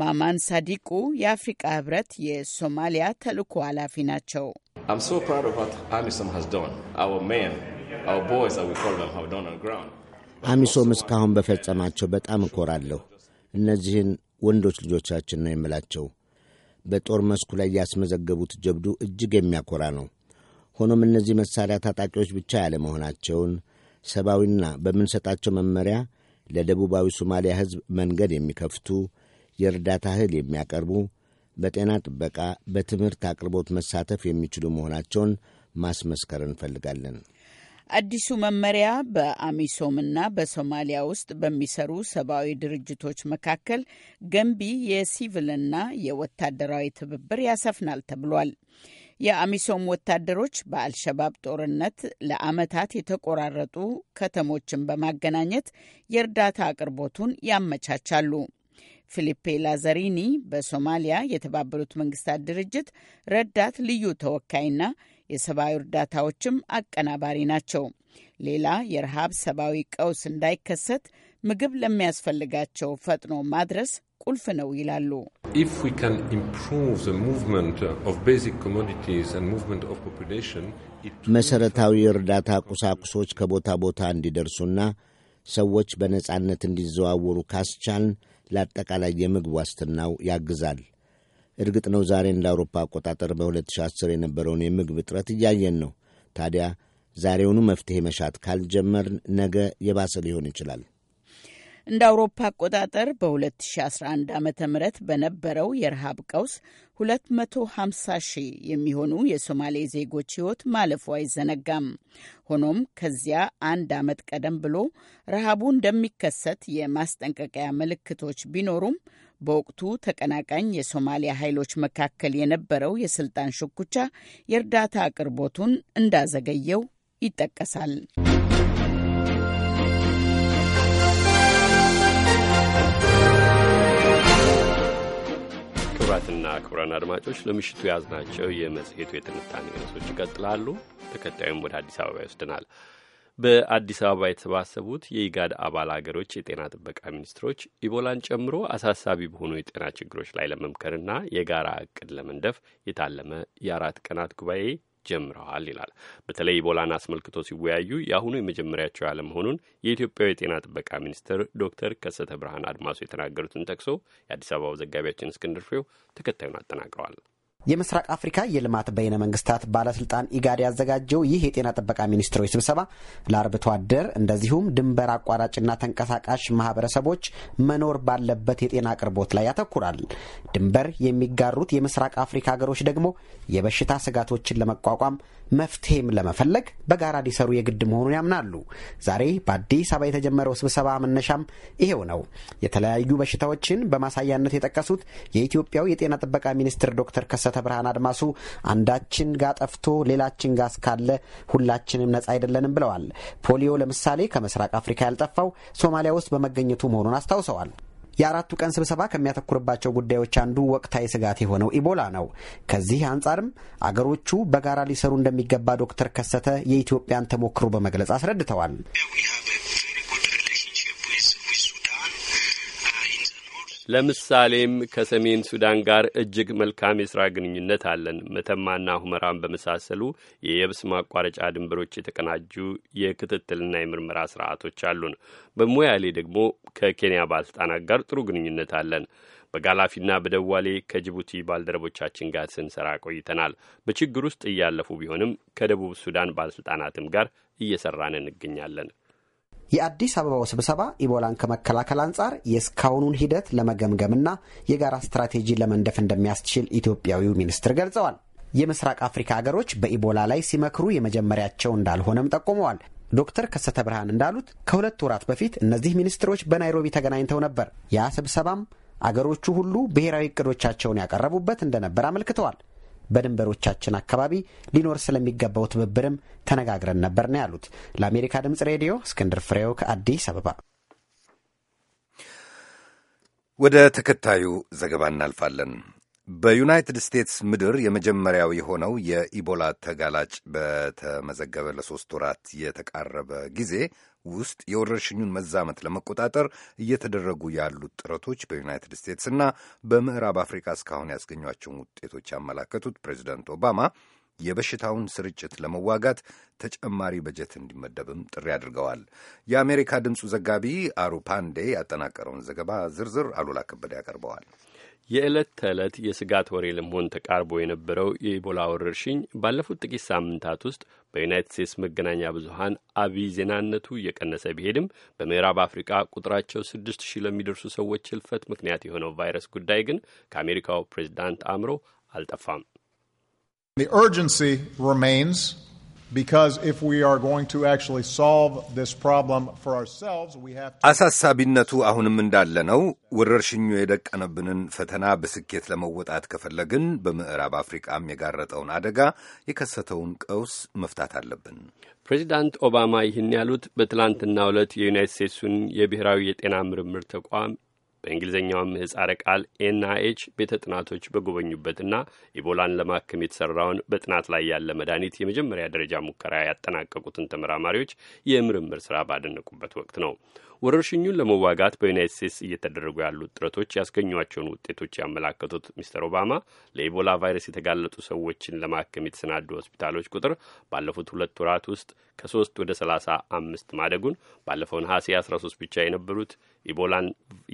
S7: ማማን ሳዲቁ የአፍሪቃ ህብረት የሶማሊያ ተልእኮ ኃላፊ ናቸው።
S8: አሚሶም እስካሁን በፈጸማቸው በጣም እኮራለሁ። እነዚህን ወንዶች ልጆቻችን ነው የምላቸው። በጦር መስኩ ላይ ያስመዘገቡት ጀብዱ እጅግ የሚያኮራ ነው። ሆኖም እነዚህ መሳሪያ ታጣቂዎች ብቻ ያለመሆናቸውን ሰብአዊና በምንሰጣቸው መመሪያ ለደቡባዊ ሶማሊያ ሕዝብ መንገድ የሚከፍቱ የእርዳታ እህል የሚያቀርቡ በጤና ጥበቃ፣ በትምህርት አቅርቦት መሳተፍ የሚችሉ መሆናቸውን ማስመስከር እንፈልጋለን።
S7: አዲሱ መመሪያ በአሚሶምና በሶማሊያ ውስጥ በሚሰሩ ሰብአዊ ድርጅቶች መካከል ገንቢ የሲቪልና የወታደራዊ ትብብር ያሰፍናል ተብሏል። የአሚሶም ወታደሮች በአልሸባብ ጦርነት ለዓመታት የተቆራረጡ ከተሞችን በማገናኘት የእርዳታ አቅርቦቱን ያመቻቻሉ። ፊሊፔ ላዘሪኒ በሶማሊያ የተባበሩት መንግስታት ድርጅት ረዳት ልዩ ተወካይና የሰብአዊ እርዳታዎችም አቀናባሪ ናቸው። ሌላ የረሃብ ሰብአዊ ቀውስ እንዳይከሰት ምግብ ለሚያስፈልጋቸው ፈጥኖ ማድረስ ቁልፍ ነው ይላሉ።
S8: መሰረታዊ እርዳታ ቁሳቁሶች ከቦታ ቦታ እንዲደርሱና ሰዎች በነጻነት እንዲዘዋወሩ ካስቻልን ለአጠቃላይ የምግብ ዋስትናው ያግዛል። እርግጥ ነው ዛሬ እንደ አውሮፓ አቆጣጠር በ2010 የነበረውን የምግብ እጥረት እያየን ነው። ታዲያ ዛሬውኑ መፍትሄ መሻት ካልጀመር ነገ የባሰ ሊሆን ይችላል።
S7: እንደ አውሮፓ አቆጣጠር በ2011 ዓ ም በነበረው የረሃብ ቀውስ 250 ሺህ የሚሆኑ የሶማሌ ዜጎች ሕይወት ማለፉ አይዘነጋም። ሆኖም ከዚያ አንድ ዓመት ቀደም ብሎ ረሃቡ እንደሚከሰት የማስጠንቀቂያ ምልክቶች ቢኖሩም በወቅቱ ተቀናቃኝ የሶማሊያ ኃይሎች መካከል የነበረው የስልጣን ሽኩቻ የእርዳታ አቅርቦቱን እንዳዘገየው ይጠቀሳል።
S2: ክቡራትና ክቡራን አድማጮች ለምሽቱ ያዝናቸው የመጽሔቱ የትንታኔ ርዕሶች ይቀጥላሉ። ተከታዩም ወደ አዲስ አበባ ይወስድናል። በአዲስ አበባ የተሰባሰቡት የኢጋድ አባል አገሮች የጤና ጥበቃ ሚኒስትሮች ኢቦላን ጨምሮ አሳሳቢ በሆኑ የጤና ችግሮች ላይ ለመምከርና የጋራ እቅድ ለመንደፍ የታለመ የአራት ቀናት ጉባኤ ጀምረዋል ይላል። በተለይ ኢቦላን አስመልክቶ ሲወያዩ የአሁኑ የመጀመሪያቸው ያለመሆኑን የኢትዮጵያው የጤና ጥበቃ ሚኒስትር ዶክተር ከሰተ ብርሃን አድማሱ የተናገሩትን ጠቅሶ የአዲስ አበባው ዘጋቢያችን እስክንድር ፍሬው ተከታዩን አጠናቅረዋል።
S9: የምስራቅ አፍሪካ የልማት በይነ መንግስታት ባለስልጣን ኢጋድ ያዘጋጀው ይህ የጤና ጥበቃ ሚኒስትሮች ስብሰባ ለአርብቶ አደር እንደዚሁም ድንበር አቋራጭና ተንቀሳቃሽ ማህበረሰቦች መኖር ባለበት የጤና አቅርቦት ላይ ያተኩራል። ድንበር የሚጋሩት የምስራቅ አፍሪካ ሀገሮች ደግሞ የበሽታ ስጋቶችን ለመቋቋም መፍትሄም ለመፈለግ በጋራ ሊሰሩ የግድ መሆኑን ያምናሉ። ዛሬ በአዲስ አበባ የተጀመረው ስብሰባ መነሻም ይሄው ነው። የተለያዩ በሽታዎችን በማሳያነት የጠቀሱት የኢትዮጵያው የጤና ጥበቃ ሚኒስትር ዶክተር ከሰ ፍሰተ ብርሃን አድማሱ አንዳችን ጋ ጠፍቶ ሌላችን ጋ እስካለ ሁላችንም ነጻ አይደለንም ብለዋል። ፖሊዮ ለምሳሌ ከምስራቅ አፍሪካ ያልጠፋው ሶማሊያ ውስጥ በመገኘቱ መሆኑን አስታውሰዋል። የአራቱ ቀን ስብሰባ ከሚያተኩርባቸው ጉዳዮች አንዱ ወቅታዊ ስጋት የሆነው ኢቦላ ነው። ከዚህ አንጻርም አገሮቹ በጋራ ሊሰሩ እንደሚገባ ዶክተር ከሰተ የኢትዮጵያን ተሞክሮ በመግለጽ አስረድተዋል።
S2: ለምሳሌም ከሰሜን ሱዳን ጋር እጅግ መልካም የሥራ ግንኙነት አለን። መተማና ሁመራን በመሳሰሉ የየብስ ማቋረጫ ድንበሮች የተቀናጁ የክትትልና የምርመራ ስርዓቶች አሉን። በሞያሌ ደግሞ ከኬንያ ባለስልጣናት ጋር ጥሩ ግንኙነት አለን። በጋላፊና በደዋሌ ከጅቡቲ ባልደረቦቻችን ጋር ስንሰራ ቆይተናል። በችግር ውስጥ እያለፉ ቢሆንም ከደቡብ ሱዳን ባለሥልጣናትም ጋር እየሰራን እንገኛለን።
S9: የአዲስ አበባው ስብሰባ ኢቦላን ከመከላከል አንጻር የእስካሁኑን ሂደት ለመገምገምና የጋራ ስትራቴጂ ለመንደፍ እንደሚያስችል ኢትዮጵያዊው ሚኒስትር ገልጸዋል። የምስራቅ አፍሪካ ሀገሮች በኢቦላ ላይ ሲመክሩ የመጀመሪያቸው እንዳልሆነም ጠቁመዋል። ዶክተር ከሰተ ብርሃን እንዳሉት ከሁለት ወራት በፊት እነዚህ ሚኒስትሮች በናይሮቢ ተገናኝተው ነበር። ያ ስብሰባም አገሮቹ ሁሉ ብሔራዊ እቅዶቻቸውን ያቀረቡበት እንደነበር አመልክተዋል። በድንበሮቻችን አካባቢ ሊኖር ስለሚገባው ትብብርም ተነጋግረን ነበር ነው ያሉት። ለአሜሪካ ድምጽ ሬዲዮ እስክንድር ፍሬው ከአዲስ አበባ።
S1: ወደ ተከታዩ ዘገባ እናልፋለን። በዩናይትድ ስቴትስ ምድር የመጀመሪያው የሆነው የኢቦላ ተጋላጭ በተመዘገበ ለሶስት ወራት የተቃረበ ጊዜ ውስጥ የወረርሽኙን መዛመት ለመቆጣጠር እየተደረጉ ያሉት ጥረቶች በዩናይትድ ስቴትስ እና በምዕራብ አፍሪካ እስካሁን ያስገኟቸውን ውጤቶች ያመላከቱት ፕሬዚደንት ኦባማ የበሽታውን ስርጭት ለመዋጋት ተጨማሪ በጀት እንዲመደብም ጥሪ አድርገዋል። የአሜሪካ ድምፁ ዘጋቢ አሩ ፓንዴ ያጠናቀረውን ዘገባ ዝርዝር
S2: አሉላ ከበደ ያቀርበዋል። የዕለት ተዕለት የስጋት ወሬ ለመሆን ተቃርቦ የነበረው የኢቦላ ወረርሽኝ ባለፉት ጥቂት ሳምንታት ውስጥ በዩናይትድ ስቴትስ መገናኛ ብዙኃን አብይ ዜናነቱ እየቀነሰ ቢሄድም በምዕራብ አፍሪቃ ቁጥራቸው ስድስት ሺህ ለሚደርሱ ሰዎች ህልፈት ምክንያት የሆነው ቫይረስ ጉዳይ ግን ከአሜሪካው ፕሬዚዳንት አእምሮ አልጠፋም።
S6: The urgency remains.
S1: አሳሳቢነቱ አሁንም እንዳለ ነው። ወረርሽኙ የደቀነብንን ፈተና በስኬት ለመወጣት ከፈለግን በምዕራብ አፍሪቃም የጋረጠውን አደጋ የከሰተውን ቀውስ መፍታት አለብን።
S2: ፕሬዚዳንት ኦባማ ይህን ያሉት በትላንትናው ዕለት የዩናይት ስቴትሱን የብሔራዊ የጤና ምርምር ተቋም በእንግሊዝኛውም ምህጻረ ቃል ኤንአኤች ቤተ ጥናቶች በጎበኙበትና ኢቦላን ለማከም የተሰራውን በጥናት ላይ ያለ መድኃኒት የመጀመሪያ ደረጃ ሙከራ ያጠናቀቁትን ተመራማሪዎች የምርምር ስራ ባደነቁበት ወቅት ነው። ወረርሽኙን ለመዋጋት በዩናይት ስቴትስ እየተደረጉ ያሉት ጥረቶች ያስገኟቸውን ውጤቶች ያመላከቱት ሚስተር ኦባማ ለኢቦላ ቫይረስ የተጋለጡ ሰዎችን ለማከም የተሰናዱ ሆስፒታሎች ቁጥር ባለፉት ሁለት ወራት ውስጥ ከሶስት ወደ ሰላሳ አምስት ማደጉን ባለፈው ነሐሴ አስራ ሶስት ብቻ የነበሩት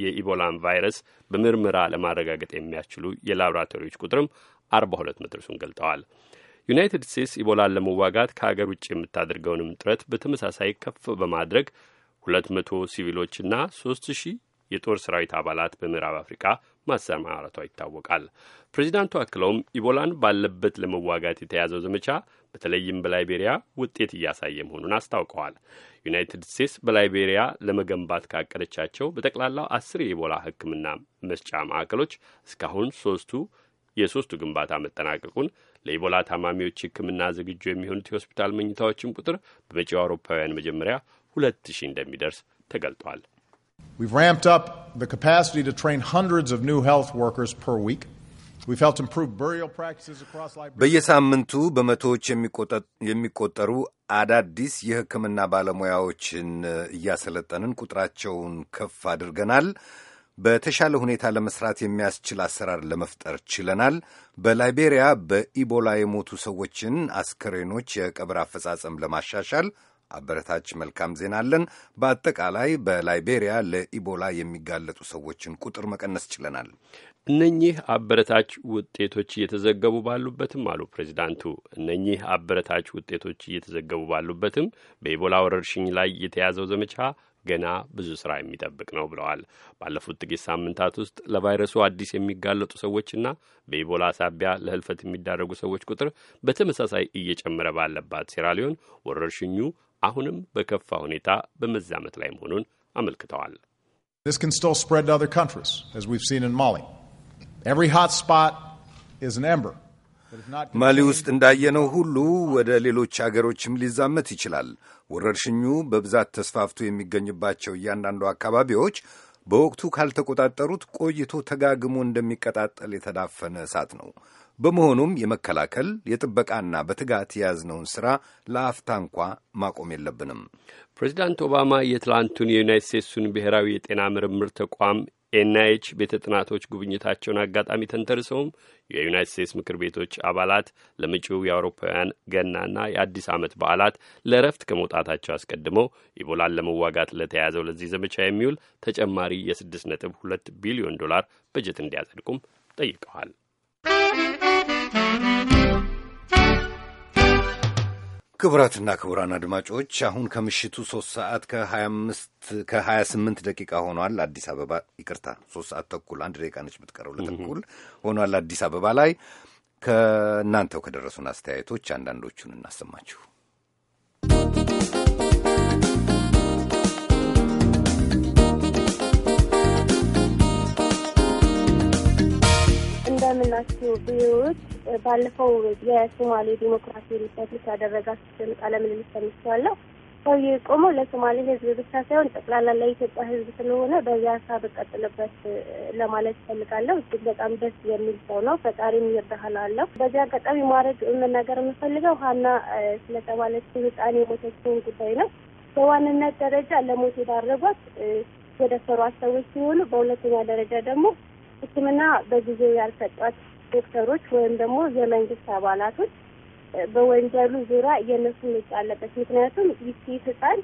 S2: የኢቦላን ቫይረስ በምርመራ ለማረጋገጥ የሚያስችሉ የላቦራቶሪዎች ቁጥርም አርባ ሁለት መድረሱን ገልጠዋል። ዩናይትድ ስቴትስ ኢቦላን ለመዋጋት ከሀገር ውጭ የምታደርገውንም ጥረት በተመሳሳይ ከፍ በማድረግ ሁለት መቶ ሲቪሎችና ሶስት ሺህ የጦር ሰራዊት አባላት በምዕራብ አፍሪካ ማሰማራቷ ይታወቃል። ፕሬዚዳንቱ አክለውም ኢቦላን ባለበት ለመዋጋት የተያዘው ዘመቻ በተለይም በላይቤሪያ ውጤት እያሳየ መሆኑን አስታውቀዋል። ዩናይትድ ስቴትስ በላይቤሪያ ለመገንባት ካቀደቻቸው በጠቅላላው አስር የኢቦላ ሕክምና መስጫ ማዕከሎች እስካሁን ሶስቱ የሶስቱ ግንባታ መጠናቀቁን ለኢቦላ ታማሚዎች ሕክምና ዝግጁ የሚሆኑት የሆስፒታል መኝታዎችን ቁጥር በመጪው አውሮፓውያን መጀመሪያ ሁለት ሺህ እንደሚደርስ ተገልጧል።
S6: We've ramped up the capacity to train hundreds of new health workers per week. We've helped improve burial
S2: practices across
S1: Liberia. በየሳምንቱ በመቶዎች የሚቆጠሩ አዳዲስ የሕክምና ባለሙያዎችን እያሰለጠንን ቁጥራቸውን ከፍ አድርገናል። በተሻለ ሁኔታ ለመስራት የሚያስችል አሰራር ለመፍጠር ችለናል። በላይቤሪያ በኢቦላ የሞቱ ሰዎችን አስከሬኖች የቀብር አፈጻጸም ለማሻሻል አበረታች መልካም ዜና አለን። በአጠቃላይ በላይቤሪያ ለኢቦላ የሚጋለጡ ሰዎችን
S2: ቁጥር መቀነስ ችለናል። እነኚህ አበረታች ውጤቶች እየተዘገቡ ባሉበትም አሉ ፕሬዚዳንቱ። እነኚህ አበረታች ውጤቶች እየተዘገቡ ባሉበትም በኢቦላ ወረርሽኝ ላይ የተያዘው ዘመቻ ገና ብዙ ስራ የሚጠብቅ ነው ብለዋል። ባለፉት ጥቂት ሳምንታት ውስጥ ለቫይረሱ አዲስ የሚጋለጡ ሰዎችና በኢቦላ ሳቢያ ለህልፈት የሚዳረጉ ሰዎች ቁጥር በተመሳሳይ እየጨመረ ባለባት ሴራሊዮን ወረርሽኙ አሁንም በከፋ ሁኔታ በመዛመት ላይ መሆኑን አመልክተዋል።
S1: ማሊ ውስጥ እንዳየነው ሁሉ ወደ ሌሎች አገሮችም ሊዛመት ይችላል። ወረርሽኙ በብዛት ተስፋፍቶ የሚገኝባቸው እያንዳንዱ አካባቢዎች በወቅቱ ካልተቆጣጠሩት ቆይቶ ተጋግሞ እንደሚቀጣጠል የተዳፈነ እሳት ነው። በመሆኑም የመከላከል የጥበቃና በትጋት የያዝነውን ሥራ ለአፍታ እንኳ ማቆም የለብንም።
S2: ፕሬዚዳንት ኦባማ የትላንቱን የዩናይት ስቴትሱን ብሔራዊ የጤና ምርምር ተቋም ኤንአይች ቤተ ጥናቶች ጉብኝታቸውን አጋጣሚ ተንተርሰውም የዩናይት ስቴትስ ምክር ቤቶች አባላት ለመጪው የአውሮፓውያን ገናና የአዲስ ዓመት በዓላት ለእረፍት ከመውጣታቸው አስቀድመው ኢቦላን ለመዋጋት ለተያያዘው ለዚህ ዘመቻ የሚውል ተጨማሪ የስድስት ነጥብ ሁለት ቢሊዮን ዶላር በጀት እንዲያጸድቁም ጠይቀዋል። ክቡራትና ክቡራን አድማጮች አሁን ከምሽቱ
S1: ሶስት ሰዓት ከሀያ ስምንት ደቂቃ ሆኗል። አዲስ አበባ ይቅርታ፣ ሶስት ሰዓት ተኩል አንድ ደቂቃ ነች የምትቀረው ለተኩል ሆኗል አዲስ አበባ ላይ። ከእናንተው ከደረሱን አስተያየቶች አንዳንዶቹን እናሰማችሁ።
S10: የተከበራችሁ ብዎች ባለፈው የሶማሌ ዲሞክራሲ ሪፐብሊክ ያደረጋችሁትን ቃለ ምልልስ ሰምቻለሁ። ሰውዬ ቆመው ለሶማሌ ሕዝብ ብቻ ሳይሆን ጠቅላላ ለኢትዮጵያ ሕዝብ ስለሆነ በዚህ ሀሳብ እቀጥልበት ለማለት እፈልጋለሁ። እጅግ በጣም ደስ የሚል ሰው ነው። ፈጣሪም ይርዳሃል አለው። በዚህ አጋጣሚ ማድረግ መናገር የምፈልገው ሀና ስለተባለች ሕፃን የሞተችውን ጉዳይ ነው። በዋንነት ደረጃ ለሞት የዳረጓት የደፈሯት ሰዎች ሲሆኑ፣ በሁለተኛ ደረጃ ደግሞ ህክምና በጊዜው ያልሰጧት ዶክተሮች ወይም ደግሞ የመንግስት አባላቶች በወንጀሉ ዙሪያ የእነሱ ምጭ አለበት። ምክንያቱም ይቺ ህጻን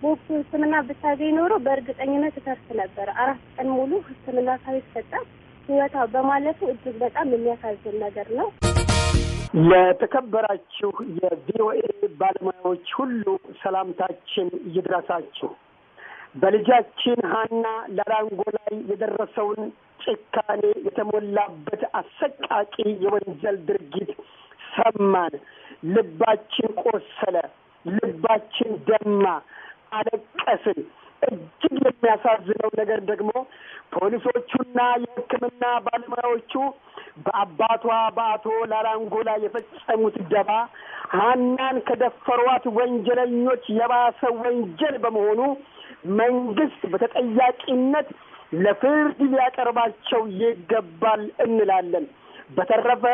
S10: በወቅቱ ህክምና ብታገኝ ኖሮ በእርግጠኝነት እተርፍ ነበር። አራት ቀን ሙሉ ህክምና ሳይሰጣት ህይወቷ በማለቱ እጅግ በጣም የሚያሳዝን ነገር ነው።
S11: ለተከበራችሁ የቪኦኤ ባለሙያዎች ሁሉ ሰላምታችን ይድረሳችሁ። በልጃችን ሀና ላላንጎ ላይ የደረሰውን ጭካኔ የተሞላበት አሰቃቂ የወንጀል ድርጊት ሰማን። ልባችን ቆሰለ፣ ልባችን ደማ፣ አለቀስን። እጅግ የሚያሳዝነው ነገር ደግሞ ፖሊሶቹና የሕክምና ባለሙያዎቹ በአባቷ በአቶ ላላንጎላ የፈጸሙት ደባ ሀናን ከደፈሯት ወንጀለኞች የባሰ ወንጀል በመሆኑ መንግስት በተጠያቂነት ለፍርድ ሊያቀርባቸው ይገባል እንላለን። በተረፈ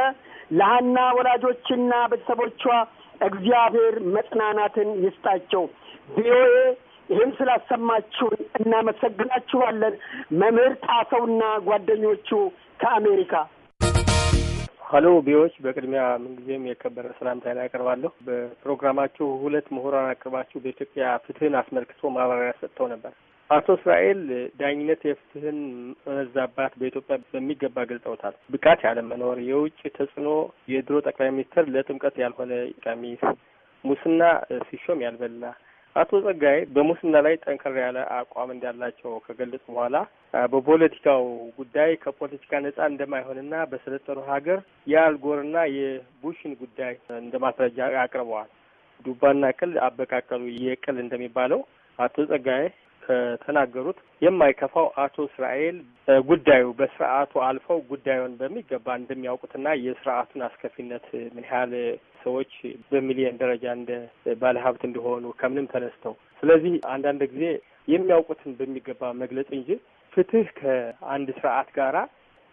S11: ለሀና ወላጆችና ቤተሰቦቿ እግዚአብሔር መጽናናትን ይስጣቸው። ቪኦኤ ይህን ስላሰማችሁን እናመሰግናችኋለን። መምህር ጣሰውና ጓደኞቹ ከአሜሪካ
S12: ሀሎ ቢዎች በቅድሚያ ምንጊዜም የከበረ ሰላምታዬን ያቀርባለሁ። በፕሮግራማችሁ ሁለት ምሁራን አቅርባችሁ በኢትዮጵያ ፍትህን አስመልክቶ ማብራሪያ ሰጥተው ነበር። አቶ እስራኤል ዳኝነት የፍትህን መዛባት በኢትዮጵያ በሚገባ ገልጸውታል። ብቃት ያለመኖር፣ የውጭ ተጽዕኖ፣ የድሮ ጠቅላይ ሚኒስትር ለጥምቀት ያልሆነ ቀሚስ፣ ሙስና ሲሾም ያልበላ አቶ ጸጋይ በሙስና ላይ ጠንከር ያለ አቋም እንዳላቸው ከገለጹ በኋላ በፖለቲካው ጉዳይ ከፖለቲካ ነጻ እንደማይሆንና በሰለጠኑ ሀገር የአልጎርና የቡሽን ጉዳይ እንደ ማስረጃ አቅርበዋል። ዱባና ቅል አበካከሉ የቅል እንደሚባለው አቶ ጸጋይ ከተናገሩት የማይከፋው አቶ እስራኤል ጉዳዩ በስርዓቱ አልፈው ጉዳዩን በሚገባ እንደሚያውቁትና የስርዓቱን አስከፊነት ምን ያህል ሰዎች በሚሊዮን ደረጃ እንደ ባለሀብት እንደሆኑ ከምንም ተነስተው ስለዚህ አንዳንድ ጊዜ የሚያውቁትን በሚገባ መግለጽ እንጂ ፍትህ ከአንድ ስርዓት ጋራ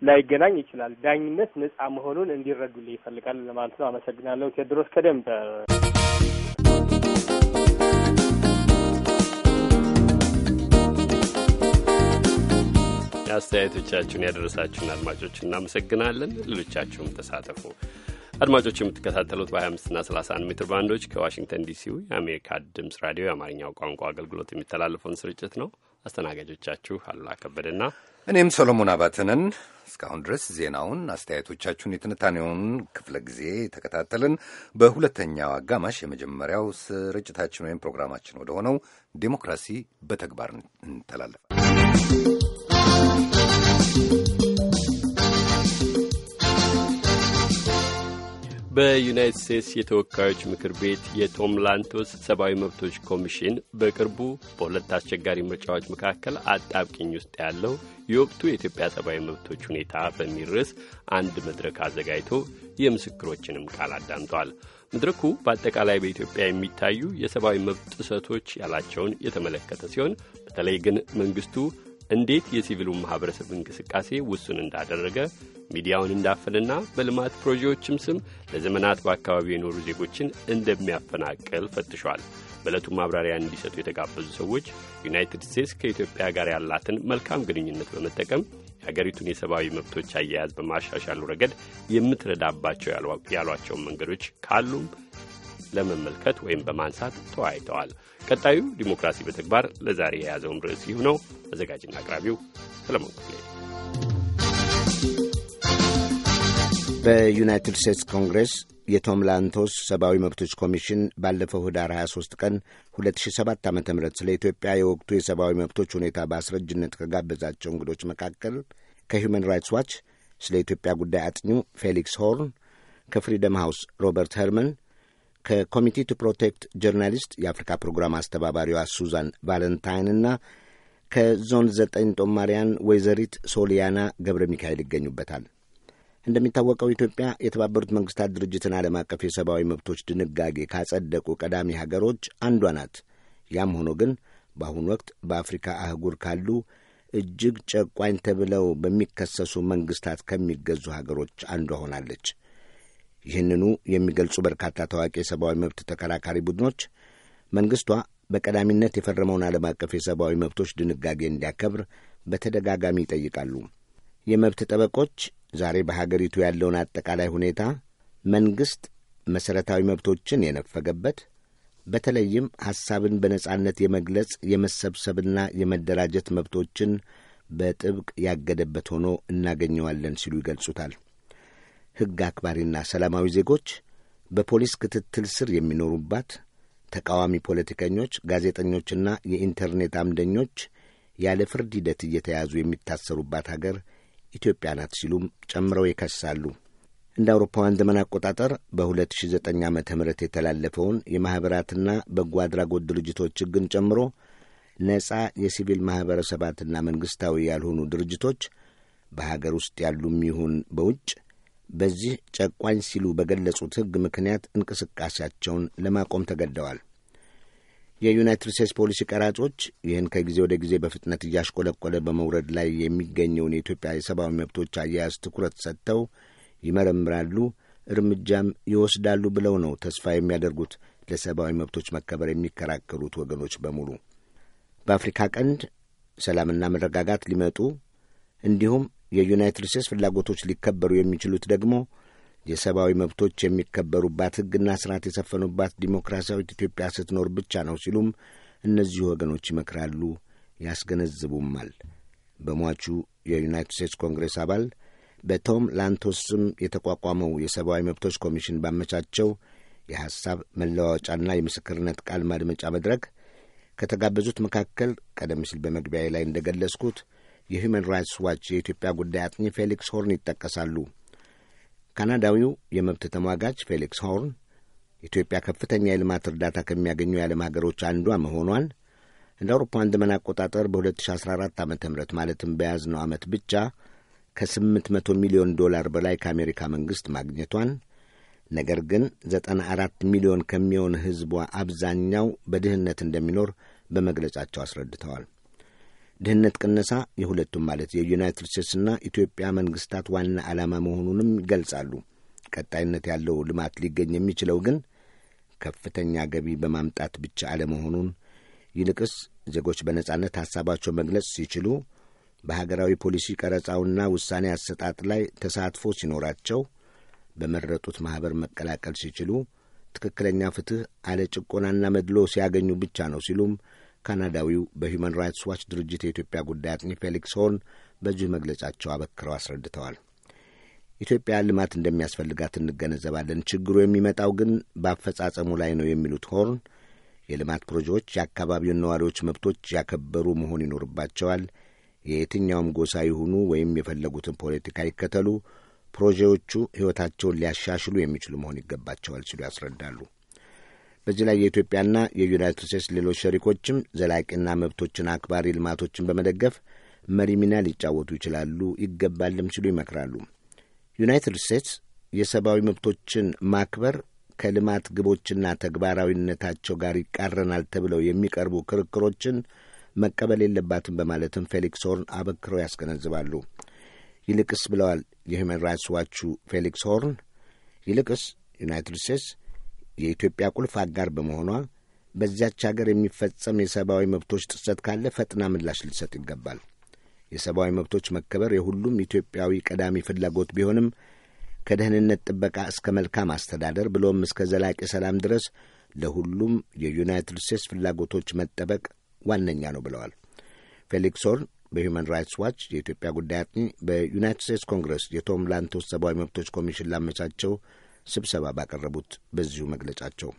S12: ላይገናኝ ይችላል። ዳኝነት ነጻ መሆኑን እንዲረዱልኝ ይፈልጋል ለማለት ነው። አመሰግናለሁ። ቴድሮስ ከደንበር
S2: አስተያየቶቻችሁን ያደረሳችሁን አድማጮች እናመሰግናለን። ሌሎቻችሁም ተሳተፉ። አድማጮች የምትከታተሉት በ25 ና 31 ሜትር ባንዶች ከዋሽንግተን ዲሲው የአሜሪካ ድምፅ ራዲዮ የአማርኛው ቋንቋ አገልግሎት የሚተላለፈውን ስርጭት ነው። አስተናጋጆቻችሁ አሉላ ከበደና
S1: እኔም ሰሎሞን አባተንን። እስካሁን ድረስ ዜናውን፣ አስተያየቶቻችሁን፣ የትንታኔውን ክፍለ ጊዜ ተከታተልን። በሁለተኛው አጋማሽ የመጀመሪያው ስርጭታችን ወይም ፕሮግራማችን ወደሆነው ዲሞክራሲ ዴሞክራሲ በተግባር እንተላለፋል።
S2: በዩናይትድ ስቴትስ የተወካዮች ምክር ቤት የቶም ላንቶስ ሰብአዊ መብቶች ኮሚሽን በቅርቡ በሁለት አስቸጋሪ ምርጫዎች መካከል አጣብቂኝ ውስጥ ያለው የወቅቱ የኢትዮጵያ ሰብአዊ መብቶች ሁኔታ በሚል ርዕስ አንድ መድረክ አዘጋጅቶ የምስክሮችንም ቃል አዳምጧል። መድረኩ በአጠቃላይ በኢትዮጵያ የሚታዩ የሰብአዊ መብት ጥሰቶች ያላቸውን የተመለከተ ሲሆን በተለይ ግን መንግስቱ እንዴት የሲቪሉ ማኅበረሰብ እንቅስቃሴ ውሱን እንዳደረገ ሚዲያውን እንዳፈልና በልማት ፕሮጀክቶችም ስም ለዘመናት በአካባቢው የኖሩ ዜጎችን እንደሚያፈናቅል ፈትሿል። በዕለቱ ማብራሪያ እንዲሰጡ የተጋበዙ ሰዎች ዩናይትድ ስቴትስ ከኢትዮጵያ ጋር ያላትን መልካም ግንኙነት በመጠቀም የሀገሪቱን የሰብአዊ መብቶች አያያዝ በማሻሻሉ ረገድ የምትረዳባቸው ያሏቸውን መንገዶች ካሉም ለመመልከት ወይም በማንሳት ተወያይተዋል። ቀጣዩ ዲሞክራሲ በተግባር ለዛሬ የያዘውን ርዕስ ይህ ነው። አዘጋጅና አቅራቢው ሰለሞን ክፍሌ።
S8: በዩናይትድ ስቴትስ ኮንግሬስ የቶም ላንቶስ ሰብአዊ መብቶች ኮሚሽን ባለፈው ህዳር 23 ቀን 2007 ዓ ም ስለ ኢትዮጵያ የወቅቱ የሰብአዊ መብቶች ሁኔታ በአስረጅነት ከጋበዛቸው እንግዶች መካከል ከሂውማን ራይትስ ዋች ስለ ኢትዮጵያ ጉዳይ አጥኙ ፌሊክስ ሆርን፣ ከፍሪደም ሃውስ ሮበርት ሄርመን፣ ከኮሚቴ ቱ ፕሮቴክት ጆርናሊስት የአፍሪካ ፕሮግራም አስተባባሪዋ ሱዛን ቫለንታይንና ከዞን ዘጠኝ ጦማሪያን ወይዘሪት ሶሊያና ገብረ ሚካኤል ይገኙበታል። እንደሚታወቀው ኢትዮጵያ የተባበሩት መንግስታት ድርጅትን ዓለም አቀፍ የሰብአዊ መብቶች ድንጋጌ ካጸደቁ ቀዳሚ ሀገሮች አንዷ ናት። ያም ሆኖ ግን በአሁኑ ወቅት በአፍሪካ አህጉር ካሉ እጅግ ጨቋኝ ተብለው በሚከሰሱ መንግስታት ከሚገዙ ሀገሮች አንዷ ሆናለች። ይህንኑ የሚገልጹ በርካታ ታዋቂ የሰብአዊ መብት ተከራካሪ ቡድኖች መንግስቷ በቀዳሚነት የፈረመውን ዓለም አቀፍ የሰብአዊ መብቶች ድንጋጌ እንዲያከብር በተደጋጋሚ ይጠይቃሉ። የመብት ጠበቆች ዛሬ በሀገሪቱ ያለውን አጠቃላይ ሁኔታ መንግስት መሠረታዊ መብቶችን የነፈገበት በተለይም ሐሳብን በነጻነት የመግለጽ የመሰብሰብና የመደራጀት መብቶችን በጥብቅ ያገደበት ሆኖ እናገኘዋለን ሲሉ ይገልጹታል። ሕግ አክባሪና ሰላማዊ ዜጎች በፖሊስ ክትትል ስር የሚኖሩባት፣ ተቃዋሚ ፖለቲከኞች፣ ጋዜጠኞችና የኢንተርኔት አምደኞች ያለ ፍርድ ሂደት እየተያዙ የሚታሰሩባት አገር ኢትዮጵያ ናት ሲሉም ጨምረው ይከሳሉ። እንደ አውሮፓውያን ዘመን አቆጣጠር በ2009 ዓ ም የተላለፈውን የማኅበራትና በጎ አድራጎት ድርጅቶች ሕግን ጨምሮ ነጻ የሲቪል ማኅበረሰባትና መንግሥታዊ ያልሆኑ ድርጅቶች በሀገር ውስጥ ያሉም ይሁን በውጭ በዚህ ጨቋኝ ሲሉ በገለጹት ሕግ ምክንያት እንቅስቃሴያቸውን ለማቆም ተገደዋል። የዩናይትድ ስቴትስ ፖሊሲ ቀራጮች ይህን ከጊዜ ወደ ጊዜ በፍጥነት እያሽቆለቆለ በመውረድ ላይ የሚገኘውን የኢትዮጵያ የሰብአዊ መብቶች አያያዝ ትኩረት ሰጥተው ይመረምራሉ፣ እርምጃም ይወስዳሉ ብለው ነው ተስፋ የሚያደርጉት ለሰብአዊ መብቶች መከበር የሚከራከሩት ወገኖች በሙሉ። በአፍሪካ ቀንድ ሰላምና መረጋጋት ሊመጡ እንዲሁም የዩናይትድ ስቴትስ ፍላጎቶች ሊከበሩ የሚችሉት ደግሞ የሰብአዊ መብቶች የሚከበሩባት ሕግና ስርዓት የሰፈኑባት ዲሞክራሲያዊት ኢትዮጵያ ስትኖር ብቻ ነው ሲሉም እነዚህ ወገኖች ይመክራሉ፣ ያስገነዝቡማል። በሟቹ የዩናይትድ ስቴትስ ኮንግሬስ አባል በቶም ላንቶስ ስም የተቋቋመው የሰብአዊ መብቶች ኮሚሽን ባመቻቸው የሐሳብ መለዋወጫና የምስክርነት ቃል ማድመጫ መድረክ ከተጋበዙት መካከል ቀደም ሲል በመግቢያዬ ላይ እንደገለጽኩት የሁመን ራይትስ ዋች የኢትዮጵያ ጉዳይ አጥኚ ፌሊክስ ሆርን ይጠቀሳሉ። ካናዳዊው የመብት ተሟጋች ፌሊክስ ሆርን ኢትዮጵያ ከፍተኛ የልማት እርዳታ ከሚያገኙ የዓለም ሀገሮች አንዷ መሆኗን እንደ አውሮፓውያን ዘመን አቆጣጠር በ2014 ዓ ም ማለትም በያዝነው ዓመት ብቻ ከ800 ሚሊዮን ዶላር በላይ ከአሜሪካ መንግሥት ማግኘቷን ነገር ግን 94 ሚሊዮን ከሚሆን ሕዝቧ አብዛኛው በድህነት እንደሚኖር በመግለጫቸው አስረድተዋል። ድህነት ቅነሳ የሁለቱም ማለት የዩናይትድ ስቴትስና ኢትዮጵያ መንግስታት ዋና ዓላማ መሆኑንም ይገልጻሉ። ቀጣይነት ያለው ልማት ሊገኝ የሚችለው ግን ከፍተኛ ገቢ በማምጣት ብቻ አለመሆኑን ይልቅስ ዜጎች በነጻነት ሐሳባቸው መግለጽ ሲችሉ በሀገራዊ ፖሊሲ ቀረጻውና ውሳኔ አሰጣጥ ላይ ተሳትፎ ሲኖራቸው በመረጡት ማኅበር መቀላቀል ሲችሉ ትክክለኛ ፍትሕ አለ ጭቆናና መድሎ ሲያገኙ ብቻ ነው ሲሉም ካናዳዊው በሂውማን ራይትስ ዋች ድርጅት የኢትዮጵያ ጉዳይ አጥኚ ፌሊክስ ሆርን በዚሁ መግለጫቸው አበክረው አስረድተዋል። ኢትዮጵያ ልማት እንደሚያስፈልጋት እንገነዘባለን። ችግሩ የሚመጣው ግን በአፈጻጸሙ ላይ ነው የሚሉት ሆርን የልማት ፕሮጀክቶች የአካባቢውን ነዋሪዎች መብቶች ያከበሩ መሆን ይኖርባቸዋል። የየትኛውም ጎሳ ይሁኑ ወይም የፈለጉትን ፖለቲካ ይከተሉ፣ ፕሮጀክቶቹ ሕይወታቸውን ሊያሻሽሉ የሚችሉ መሆን ይገባቸዋል ሲሉ ያስረዳሉ። በዚህ ላይ የኢትዮጵያና የዩናይትድ ስቴትስ ሌሎች ሸሪኮችም ዘላቂና መብቶችን አክባሪ ልማቶችን በመደገፍ መሪ ሚና ሊጫወቱ ይችላሉ ይገባልም ሲሉ ይመክራሉ። ዩናይትድ ስቴትስ የሰብአዊ መብቶችን ማክበር ከልማት ግቦችና ተግባራዊነታቸው ጋር ይቃረናል ተብለው የሚቀርቡ ክርክሮችን መቀበል የለባትም በማለትም ፌሊክስ ሆርን አበክረው ያስገነዝባሉ። ይልቅስ ብለዋል የሁመን ራይትስ ዋቹ ፌሊክስ ሆርን ይልቅስ ዩናይትድ ስቴትስ የኢትዮጵያ ቁልፍ አጋር በመሆኗ በዚያች አገር የሚፈጸም የሰብአዊ መብቶች ጥሰት ካለ ፈጥና ምላሽ ልትሰጥ ይገባል። የሰብአዊ መብቶች መከበር የሁሉም ኢትዮጵያዊ ቀዳሚ ፍላጎት ቢሆንም ከደህንነት ጥበቃ እስከ መልካም አስተዳደር ብሎም እስከ ዘላቂ ሰላም ድረስ ለሁሉም የዩናይትድ ስቴትስ ፍላጎቶች መጠበቅ ዋነኛ ነው ብለዋል። ፌሊክስ ሆርን በሁማን ራይትስ ዋች የኢትዮጵያ ጉዳይ አጥኚ፣ በዩናይትድ ስቴትስ ኮንግረስ የቶም ላንቶስ ሰብአዊ መብቶች ኮሚሽን ላመቻቸው ስብሰባ ባቀረቡት በዚሁ መግለጫቸው።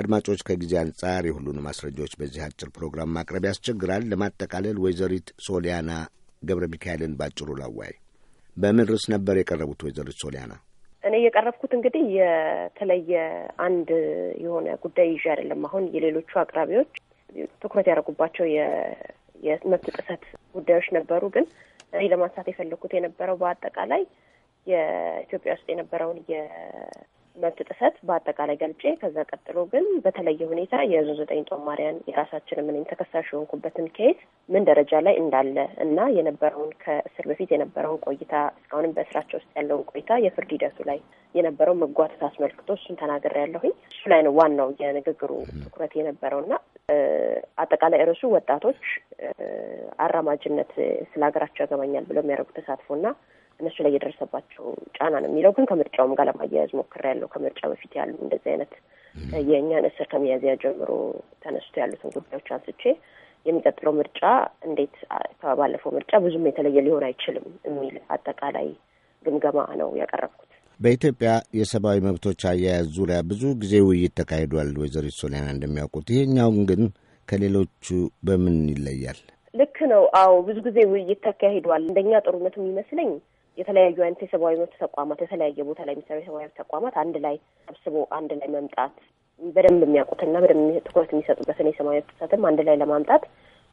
S8: አድማጮች፣ ከጊዜ አንጻር የሁሉን ማስረጃዎች በዚህ አጭር ፕሮግራም ማቅረብ ያስቸግራል። ለማጠቃለል ወይዘሪት ሶሊያና ገብረ ሚካኤልን ባጭሩ ላዋይ በምን ርዕስ ነበር የቀረቡት? ወይዘሪት ሶሊያና፣
S10: እኔ የቀረብኩት እንግዲህ የተለየ አንድ የሆነ ጉዳይ ይዤ አይደለም። አሁን የሌሎቹ አቅራቢዎች ትኩረት ያደረጉባቸው የመብት ጥሰት ጉዳዮች ነበሩ፣ ግን እኔ ለማንሳት የፈለግኩት የነበረው በአጠቃላይ የኢትዮጵያ ውስጥ የነበረውን የመብት ጥሰት በአጠቃላይ ገልጬ ከዛ ቀጥሎ ግን በተለየ ሁኔታ የዞን ዘጠኝ ጦማሪያን የራሳችን ምንም ተከሳሽ የሆንኩበትን ኬዝ ምን ደረጃ ላይ እንዳለ እና የነበረውን ከእስር በፊት የነበረውን ቆይታ እስካሁንም በእስራቸው ውስጥ ያለውን ቆይታ የፍርድ ሂደቱ ላይ የነበረው መጓተት አስመልክቶ እሱን ተናገር ያለሁኝ። እሱ ላይ ነው ዋናው የንግግሩ ትኩረት የነበረውና አጠቃላይ ርሱ ወጣቶች አራማጅነት ስለ ሀገራቸው ያገባኛል ብለው የሚያደርጉ ተሳትፎና እነሱ ላይ የደረሰባቸው ጫና ነው የሚለው ግን ከምርጫውም ጋር ለማያያዝ ያለው ከምርጫ በፊት ያሉ እንደዚህ አይነት የእኛን እስር ከሚያዝያ ጀምሮ ተነስቶ ያሉትን ጉዳዮች አንስቼ የሚቀጥለው ምርጫ እንዴት ከባለፈው ምርጫ ብዙም የተለየ ሊሆን አይችልም የሚል አጠቃላይ ግምገማ ነው ያቀረብኩት።
S8: በኢትዮጵያ የሰብአዊ መብቶች አያያዝ ዙሪያ ብዙ ጊዜ ውይይት ተካሂዷል። ወይዘሮ ሶሊያና እንደሚያውቁት ይሄኛውን ግን ከሌሎቹ በምን ይለያል?
S10: ልክ ነው። አዎ ብዙ ጊዜ ውይይት ተካሂዷል። እንደኛ ጥሩነቱ የሚመስለኝ የተለያዩ አይነት የሰብአዊ መብት ተቋማት የተለያየ ቦታ ላይ የሚሰሩ የሰብአዊ መብት ተቋማት አንድ ላይ ሰብስቦ አንድ ላይ መምጣት በደንብ የሚያውቁትና በደንብ ትኩረት የሚሰጡበትን የሰብአዊ መብት ጥሰትም አንድ ላይ ለማምጣት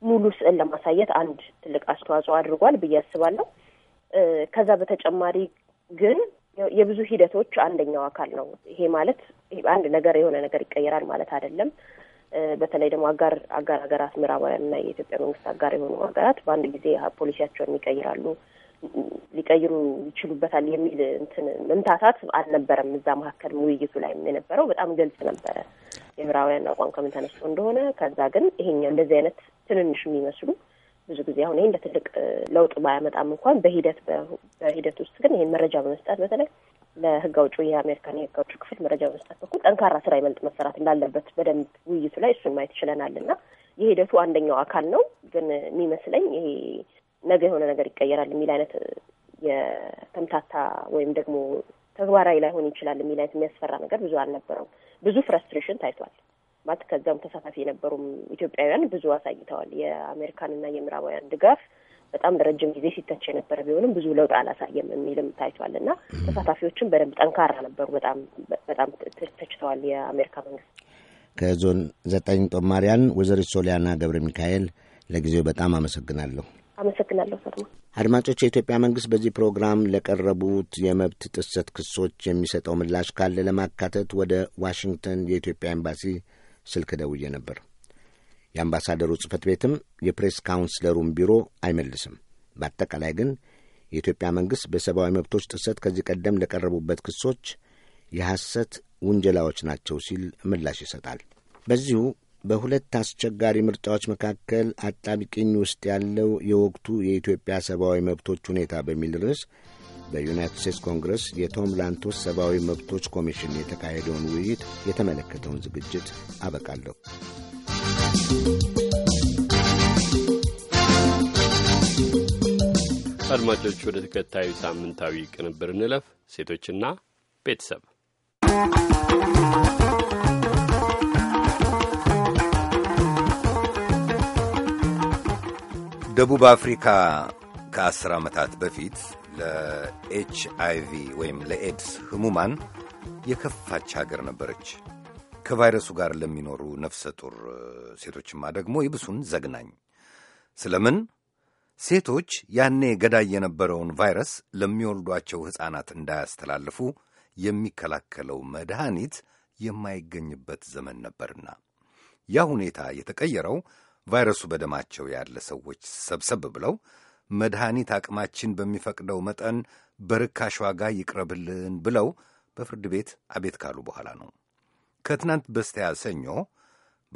S10: ሙሉ ስዕል ለማሳየት አንድ ትልቅ አስተዋጽኦ አድርጓል ብዬ አስባለሁ። ከዛ በተጨማሪ ግን የብዙ ሂደቶች አንደኛው አካል ነው። ይሄ ማለት አንድ ነገር የሆነ ነገር ይቀየራል ማለት አይደለም። በተለይ ደግሞ አጋር አጋር ሀገራት ምዕራባውያን እና የኢትዮጵያ መንግስት አጋር የሆኑ ሀገራት በአንድ ጊዜ ፖሊሲያቸውን ይቀይራሉ ሊቀይሩ ይችሉበታል የሚል እንትን መምታታት አልነበረም። እዛ መካከል ውይይቱ ላይ የነበረው በጣም ግልጽ ነበረ የምዕራባውያን አቋም ከምን ተነስቶ እንደሆነ። ከዛ ግን ይሄኛው እንደዚህ አይነት ትንንሽ የሚመስሉ ብዙ ጊዜ አሁን ይሄ እንደ ትልቅ ለውጥ ባያመጣም እንኳን በሂደት በሂደት ውስጥ ግን ይሄን መረጃ በመስጠት በተለይ ለህግ አውጪ የአሜሪካን የህግ አውጪ ክፍል መረጃ በመስጠት በኩል ጠንካራ ስራ ይበልጥ መሰራት እንዳለበት በደንብ ውይይቱ ላይ እሱን ማየት ይችለናል እና የሂደቱ አንደኛው አካል ነው። ግን የሚመስለኝ ይሄ ነገ የሆነ ነገር ይቀየራል የሚል አይነት የተምታታ ወይም ደግሞ ተግባራዊ ላይሆን ይችላል የሚል አይነት የሚያስፈራ ነገር ብዙ አልነበረም። ብዙ ፍረስትሬሽን ታይቷል ማለት ከዛም ተሳታፊ የነበሩም ኢትዮጵያውያን ብዙ አሳይተዋል። የአሜሪካንና የምዕራባውያን ድጋፍ በጣም ለረጅም ጊዜ ሲተች የነበረ ቢሆንም ብዙ ለውጥ አላሳየም የሚልም ታይቷል እና ተሳታፊዎችም በደንብ ጠንካራ ነበሩ። በጣም በጣም ተችተዋል የአሜሪካ መንግስት።
S8: ከዞን ዘጠኝ ጦማሪያን ወይዘሪት ሶሊያና ገብረ ሚካኤል ለጊዜው በጣም አመሰግናለሁ።
S10: አመሰግናለሁ ሰለሞን።
S8: አድማጮች፣ የኢትዮጵያ መንግስት በዚህ ፕሮግራም ለቀረቡት የመብት ጥሰት ክሶች የሚሰጠው ምላሽ ካለ ለማካተት ወደ ዋሽንግተን የኢትዮጵያ ኤምባሲ ስልክ ደውዬ ነበር። የአምባሳደሩ ጽህፈት ቤትም የፕሬስ ካውንስለሩን ቢሮ አይመልስም። በአጠቃላይ ግን የኢትዮጵያ መንግስት በሰብአዊ መብቶች ጥሰት ከዚህ ቀደም ለቀረቡበት ክሶች የሐሰት ውንጀላዎች ናቸው ሲል ምላሽ ይሰጣል። በዚሁ በሁለት አስቸጋሪ ምርጫዎች መካከል አጣብቂኝ ውስጥ ያለው የወቅቱ የኢትዮጵያ ሰብአዊ መብቶች ሁኔታ በሚል ርዕስ በዩናይትድ ስቴትስ ኮንግረስ ላንቶስ ሰብአዊ መብቶች ኮሚሽን የተካሄደውን ውይይት የተመለከተውን ዝግጅት አበቃለሁ።
S2: አድማጮች፣ ወደ ተከታዩ ሳምንታዊ ቅንብር እንለፍ። ሴቶችና ቤተሰብ
S1: ደቡብ አፍሪካ ከአስር ዓመታት በፊት ለኤች ወይም ለኤድስ ህሙማን የከፋች ሀገር ነበረች። ከቫይረሱ ጋር ለሚኖሩ ነፍሰ ጡር ሴቶችማ ደግሞ ይብሱን ዘግናኝ። ስለምን ሴቶች ያኔ ገዳይ የነበረውን ቫይረስ ለሚወልዷቸው ሕፃናት እንዳያስተላልፉ የሚከላከለው መድኃኒት የማይገኝበት ዘመን ነበርና ያ ሁኔታ የተቀየረው ቫይረሱ በደማቸው ያለ ሰዎች ሰብሰብ ብለው መድኃኒት አቅማችን በሚፈቅደው መጠን በርካሽ ዋጋ ይቅረብልን ብለው በፍርድ ቤት አቤት ካሉ በኋላ ነው። ከትናንት በስቲያ ሰኞ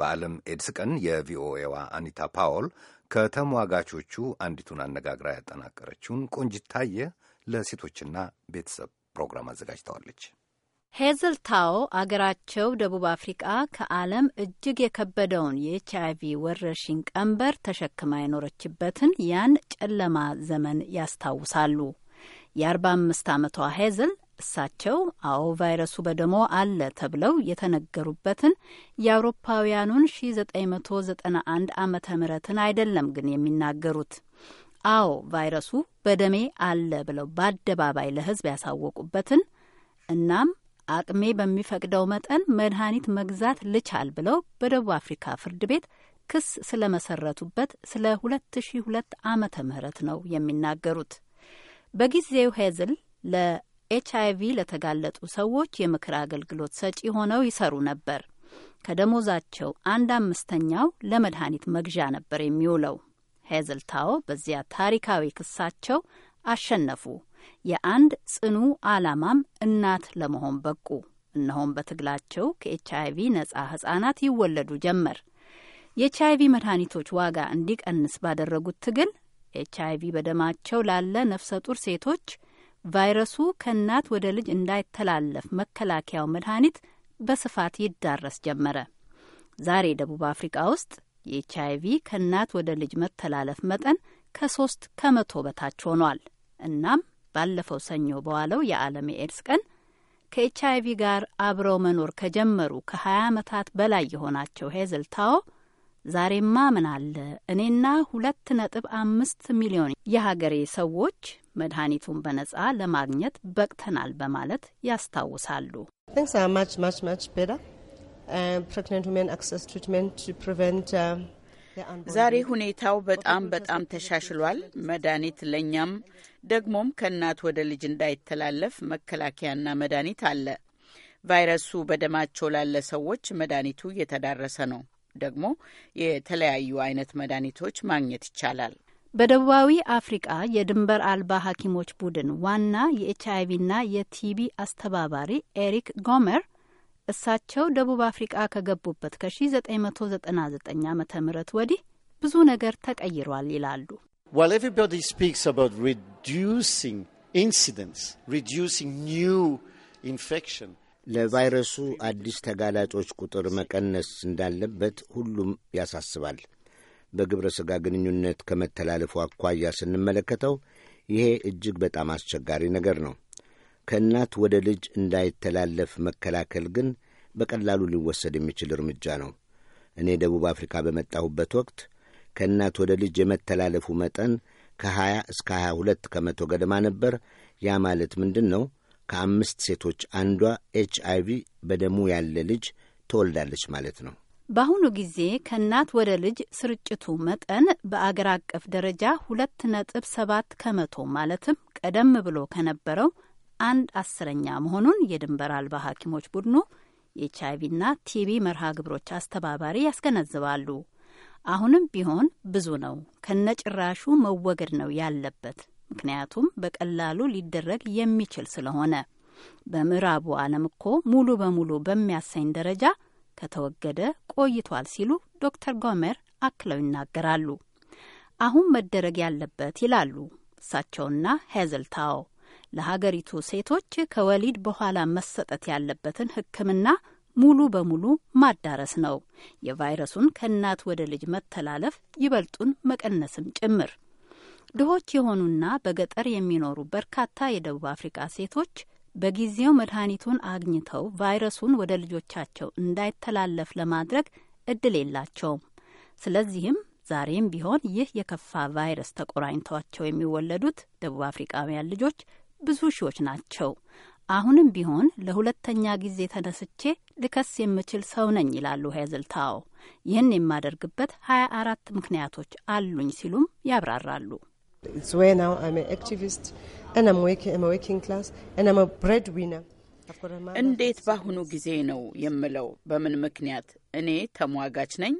S1: በዓለም ኤድስ ቀን የቪኦኤዋ አኒታ ፓውል ከተሟጋቾቹ አንዲቱን አነጋግራ ያጠናቀረችውን ቆንጅታየ ለሴቶችና ቤተሰብ ፕሮግራም አዘጋጅተዋለች።
S13: ሄዝል ታው አገራቸው ደቡብ አፍሪቃ ከዓለም እጅግ የከበደውን የኤች አይቪ ወረርሽኝ ቀንበር ተሸክማ የኖረችበትን ያን ጨለማ ዘመን ያስታውሳሉ። አምስት ዓመቷ ሄዝል እሳቸው አዎ ቫይረሱ በደሞ አለ ተብለው የተነገሩበትን የአውሮፓውያኑን 1991 ዓመተ ምህረትን አይደለም ግን የሚናገሩት አዎ ቫይረሱ በደሜ አለ ብለው በአደባባይ ለሕዝብ ያሳወቁበትን እናም አቅሜ በሚፈቅደው መጠን መድኃኒት መግዛት ልቻል ብለው በደቡብ አፍሪካ ፍርድ ቤት ክስ ስለመሰረቱበት ስለ 2002 ዓመተ ምህረት ነው የሚናገሩት። በጊዜው ሄዝል ለኤች አይቪ ለተጋለጡ ሰዎች የምክር አገልግሎት ሰጪ ሆነው ይሰሩ ነበር። ከደሞዛቸው አንድ አምስተኛው ለመድኃኒት መግዣ ነበር የሚውለው። ሄዝል ታዎ በዚያ ታሪካዊ ክሳቸው አሸነፉ። የአንድ ጽኑ ዓላማም እናት ለመሆን በቁ። እነሆም በትግላቸው ከኤች አይቪ ነጻ ህጻናት ይወለዱ ጀመር። የኤች አይቪ መድኃኒቶች ዋጋ እንዲቀንስ ባደረጉት ትግል ኤች አይቪ በደማቸው ላለ ነፍሰ ጡር ሴቶች ቫይረሱ ከእናት ወደ ልጅ እንዳይተላለፍ መከላከያው መድኃኒት በስፋት ይዳረስ ጀመረ። ዛሬ ደቡብ አፍሪካ ውስጥ የኤች አይቪ ከእናት ወደ ልጅ መተላለፍ መጠን ከሶስት ከመቶ በታች ሆኗል። እናም ባለፈው ሰኞ በዋለው የዓለም የኤድስ ቀን ከኤች አይ ቪ ጋር አብረው መኖር ከጀመሩ ከ20 ዓመታት በላይ የሆናቸው ሄዝል ታዎ ዛሬማ ምን አለ እኔና ሁለት ነጥብ አምስት ሚሊዮን የሀገሬ ሰዎች መድኃኒቱን በነጻ ለማግኘት በቅተናል በማለት ያስታውሳሉ። uh,
S14: uh, uh,
S7: ዛሬ ሁኔታው በጣም በጣም ተሻሽሏል። መድኃኒት ለእኛም ደግሞም ከእናት ወደ ልጅ እንዳይተላለፍ መከላከያና መድኃኒት አለ። ቫይረሱ በደማቸው ላለ ሰዎች መድኃኒቱ እየተዳረሰ ነው። ደግሞ የተለያዩ አይነት መድኃኒቶች ማግኘት ይቻላል።
S13: በደቡባዊ አፍሪቃ የድንበር አልባ ሐኪሞች ቡድን ዋና የኤች አይቪና የቲቢ አስተባባሪ ኤሪክ ጎመር እሳቸው ደቡብ አፍሪቃ ከገቡበት ከ1999 ዓ ም ወዲህ ብዙ ነገር ተቀይሯል ይላሉ።
S6: While everybody speaks about reducing incidents, reducing new infection,
S8: ለቫይረሱ አዲስ ተጋላጮች ቁጥር መቀነስ እንዳለበት ሁሉም ያሳስባል። በግብረ ሥጋ ግንኙነት ከመተላለፉ አኳያ ስንመለከተው ይሄ እጅግ በጣም አስቸጋሪ ነገር ነው። ከእናት ወደ ልጅ እንዳይተላለፍ መከላከል ግን በቀላሉ ሊወሰድ የሚችል እርምጃ ነው። እኔ ደቡብ አፍሪካ በመጣሁበት ወቅት ከእናት ወደ ልጅ የመተላለፉ መጠን ከ20 እስከ 22 ከመቶ ገደማ ነበር። ያ ማለት ምንድን ነው? ከአምስት ሴቶች አንዷ ኤች አይ ቪ በደሙ ያለ ልጅ ትወልዳለች ማለት ነው።
S13: በአሁኑ ጊዜ ከእናት ወደ ልጅ ስርጭቱ መጠን በአገር አቀፍ ደረጃ ሁለት ነጥብ ሰባት ከመቶ ማለትም ቀደም ብሎ ከነበረው አንድ አስረኛ መሆኑን የድንበር አልባ ሐኪሞች ቡድኑ የኤች አይቪና ቲቪ መርሃ ግብሮች አስተባባሪ ያስገነዝባሉ። አሁንም ቢሆን ብዙ ነው። ከነጭራሹ መወገድ ነው ያለበት። ምክንያቱም በቀላሉ ሊደረግ የሚችል ስለሆነ በምዕራቡ ዓለም እኮ ሙሉ በሙሉ በሚያሰኝ ደረጃ ከተወገደ ቆይቷል ሲሉ ዶክተር ጎመር አክለው ይናገራሉ። አሁን መደረግ ያለበት ይላሉ እሳቸውና ሄዝልታው ለሀገሪቱ ሴቶች ከወሊድ በኋላ መሰጠት ያለበትን ሕክምና ሙሉ በሙሉ ማዳረስ ነው። የቫይረሱን ከእናት ወደ ልጅ መተላለፍ ይበልጡን መቀነስም ጭምር። ድሆች የሆኑና በገጠር የሚኖሩ በርካታ የደቡብ አፍሪካ ሴቶች በጊዜው መድኃኒቱን አግኝተው ቫይረሱን ወደ ልጆቻቸው እንዳይተላለፍ ለማድረግ እድል የላቸውም። ስለዚህም ዛሬም ቢሆን ይህ የከፋ ቫይረስ ተቆራኝቷቸው የሚወለዱት ደቡብ አፍሪካውያን ልጆች ብዙ ሺዎች ናቸው። አሁንም ቢሆን ለሁለተኛ ጊዜ ተነስቼ ልከስ የምችል ሰው ነኝ ይላሉ ሄዝልታው። ይህን የማደርግበት ሀያ አራት ምክንያቶች አሉኝ ሲሉም ያብራራሉ።
S7: እንዴት በአሁኑ ጊዜ ነው የምለው? በምን ምክንያት እኔ ተሟጋች ነኝ፣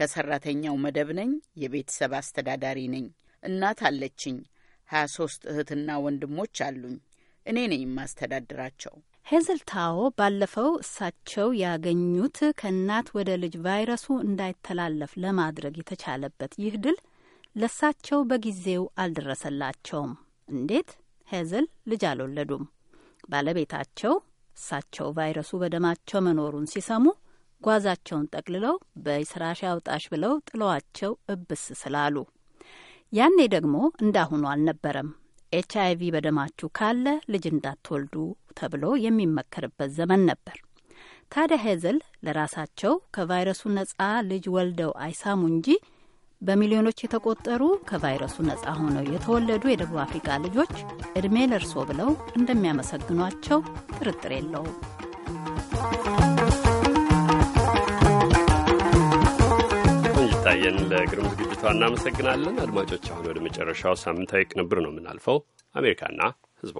S7: ከሰራተኛው መደብ ነኝ፣ የቤተሰብ አስተዳዳሪ ነኝ፣ እናት አለችኝ፣ ሀያ ሶስት እህትና ወንድሞች አሉኝ። እኔ ነኝ የማስተዳድራቸው።
S13: ሄዝልታዎ ባለፈው እሳቸው ያገኙት ከእናት ወደ ልጅ ቫይረሱ እንዳይተላለፍ ለማድረግ የተቻለበት ይህ ድል ለሳቸው በጊዜው አልደረሰላቸውም። እንዴት? ሄዝል ልጅ አልወለዱም። ባለቤታቸው እሳቸው ቫይረሱ በደማቸው መኖሩን ሲሰሙ ጓዛቸውን ጠቅልለው በስራሽ አውጣሽ ብለው ጥለዋቸው እብስ ስላሉ ያኔ ደግሞ እንዳሁኑ አልነበረም። ኤች አይ ቪ በደማችሁ ካለ ልጅ እንዳትወልዱ ተብሎ የሚመከርበት ዘመን ነበር። ታዲያ ሄዘል ለራሳቸው ከቫይረሱ ነጻ ልጅ ወልደው አይሳሙ እንጂ በሚሊዮኖች የተቆጠሩ ከቫይረሱ ነጻ ሆነው የተወለዱ የደቡብ አፍሪካ ልጆች እድሜ ለርሶ ብለው እንደሚያመሰግኗቸው ጥርጥር የለውም።
S2: ታየን ለግርም ዝግጅቷ እናመሰግናለን። አድማጮች፣ አሁን ወደ መጨረሻው ሳምንታዊ ቅንብር ነው የምናልፈው። አሜሪካና ህዝቧ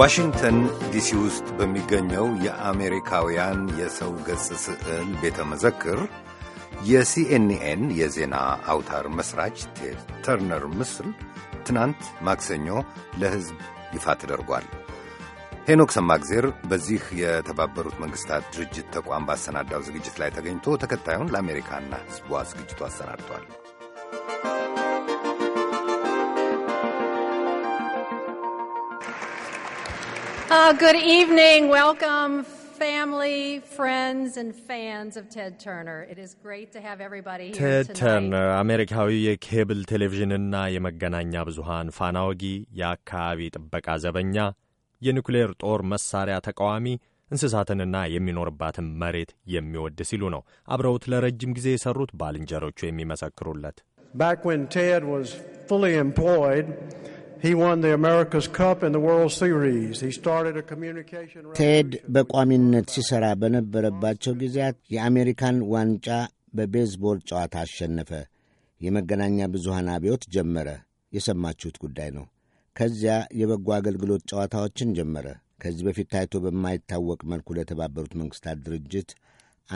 S1: ዋሽንግተን ዲሲ ውስጥ በሚገኘው የአሜሪካውያን የሰው ገጽ ስዕል ቤተ መዘክር የሲኤንኤን የዜና አውታር መስራች ቴድ ተርነር ምስል ትናንት ማክሰኞ ለሕዝብ ይፋ ተደርጓል። ሄኖክ ሰማግዜር በዚህ የተባበሩት መንግስታት ድርጅት ተቋም ባሰናዳው ዝግጅት ላይ ተገኝቶ ተከታዩን ለአሜሪካና ሕዝቧ ዝግጅቱ አሰናድቷል።
S5: Uh, good evening. Welcome family, friends, and
S8: fans of Ted Turner. It is great to have everybody here ቴድ tonight. ተርነር
S4: አሜሪካዊ የኬብል ቴሌቪዥንና የመገናኛ ብዙሃን ፋና ወጊ፣ የአካባቢ ጥበቃ ዘበኛ፣ የኒኩሌር ጦር መሳሪያ ተቃዋሚ፣ እንስሳትንና የሚኖርባትን መሬት የሚወድ ሲሉ ነው አብረውት ለረጅም ጊዜ የሰሩት ባልንጀሮቹ የሚመሰክሩለት።
S9: Back when Ted was fully employed,
S8: ቴድ በቋሚነት ሲሠራ በነበረባቸው ጊዜያት የአሜሪካን ዋንጫ በቤዝቦል ጨዋታ አሸነፈ። የመገናኛ ብዙሃን አብዮት ጀመረ። የሰማችሁት ጉዳይ ነው። ከዚያ የበጎ አገልግሎት ጨዋታዎችን ጀመረ። ከዚህ በፊት ታይቶ በማይታወቅ መልኩ ለተባበሩት መንግሥታት ድርጅት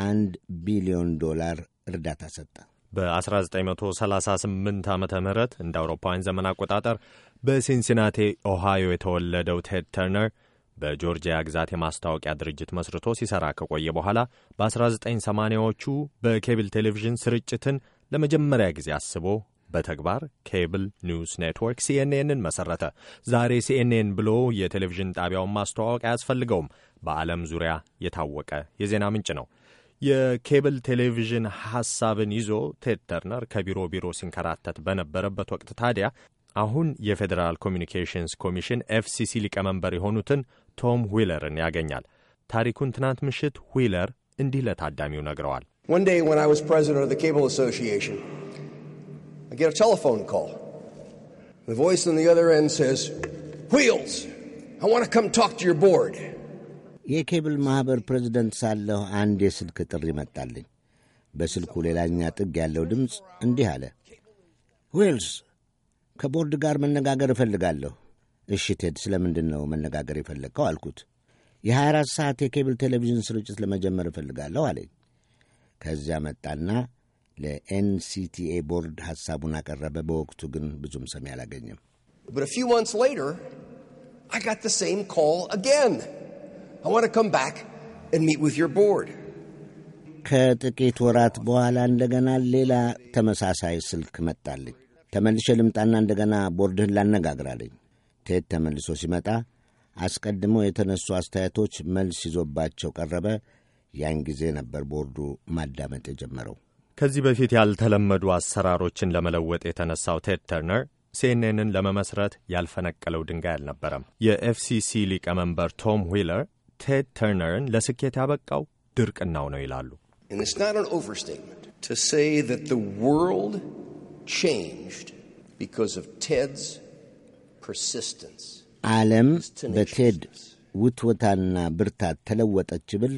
S8: አንድ ቢሊዮን ዶላር እርዳታ ሰጠ።
S4: በ1938 ዓ ም እንደ አውሮፓውያን ዘመን አቆጣጠር በሲንሲናቲ ኦሃዮ የተወለደው ቴድ ተርነር በጆርጂያ ግዛት የማስታወቂያ ድርጅት መስርቶ ሲሰራ ከቆየ በኋላ በ1980ዎቹ በኬብል ቴሌቪዥን ስርጭትን ለመጀመሪያ ጊዜ አስቦ በተግባር ኬብል ኒውስ ኔትወርክ ሲኤንኤንን መሰረተ። ዛሬ ሲኤንኤን ብሎ የቴሌቪዥን ጣቢያውን ማስተዋወቅ አያስፈልገውም። በዓለም ዙሪያ የታወቀ የዜና ምንጭ ነው። የኬብል ቴሌቪዥን ሐሳብን ይዞ ቴድ ተርነር ከቢሮ ቢሮ ሲንከራተት በነበረበት ወቅት ታዲያ አሁን የፌዴራል ኮሚኒኬሽንስ ኮሚሽን ኤፍሲሲ ሊቀመንበር የሆኑትን ቶም ዊለርን ያገኛል። ታሪኩን ትናንት ምሽት ዊለር እንዲህ ለታዳሚው ነግረዋል።
S10: ዊልስ
S8: የኬብል ማኅበር ፕሬዚደንት ሳለሁ አንድ የስልክ ጥሪ መጣልኝ። በስልኩ ሌላኛ ጥግ ያለው ድምፅ እንዲህ አለ፣ ዌልስ ከቦርድ ጋር መነጋገር እፈልጋለሁ። እሺ ቴድ፣ ምንድን ነው መነጋገር የፈለግከው አልኩት። የ24 ሰዓት የኬብል ቴሌቪዥን ስርጭት ለመጀመር እፈልጋለሁ አለኝ። ከዚያ መጣና ለኤንሲቲኤ ቦርድ ሐሳቡን አቀረበ። በወቅቱ ግን ብዙም ሰሚ አላገኘም። ከጥቂት ወራት በኋላ እንደገና ሌላ ተመሳሳይ ስልክ መጣልኝ። ተመልሼ ልምጣና እንደገና ቦርድህን ላነጋግራለኝ። ቴድ ተመልሶ ሲመጣ አስቀድሞ የተነሱ አስተያየቶች መልስ ይዞባቸው ቀረበ። ያን ጊዜ ነበር ቦርዱ ማዳመጥ የጀመረው።
S4: ከዚህ በፊት ያልተለመዱ አሰራሮችን ለመለወጥ የተነሳው ቴድ ተርነር ሲኤንኤንን ለመመስረት ያልፈነቀለው ድንጋይ አልነበረም። የኤፍሲሲ ሊቀመንበር ቶም ዊለር ቴድ ተርነርን ለስኬት ያበቃው ድርቅናው ነው ይላሉ።
S8: ዓለም በቴድ ውትወታና ብርታት ተለወጠች ብል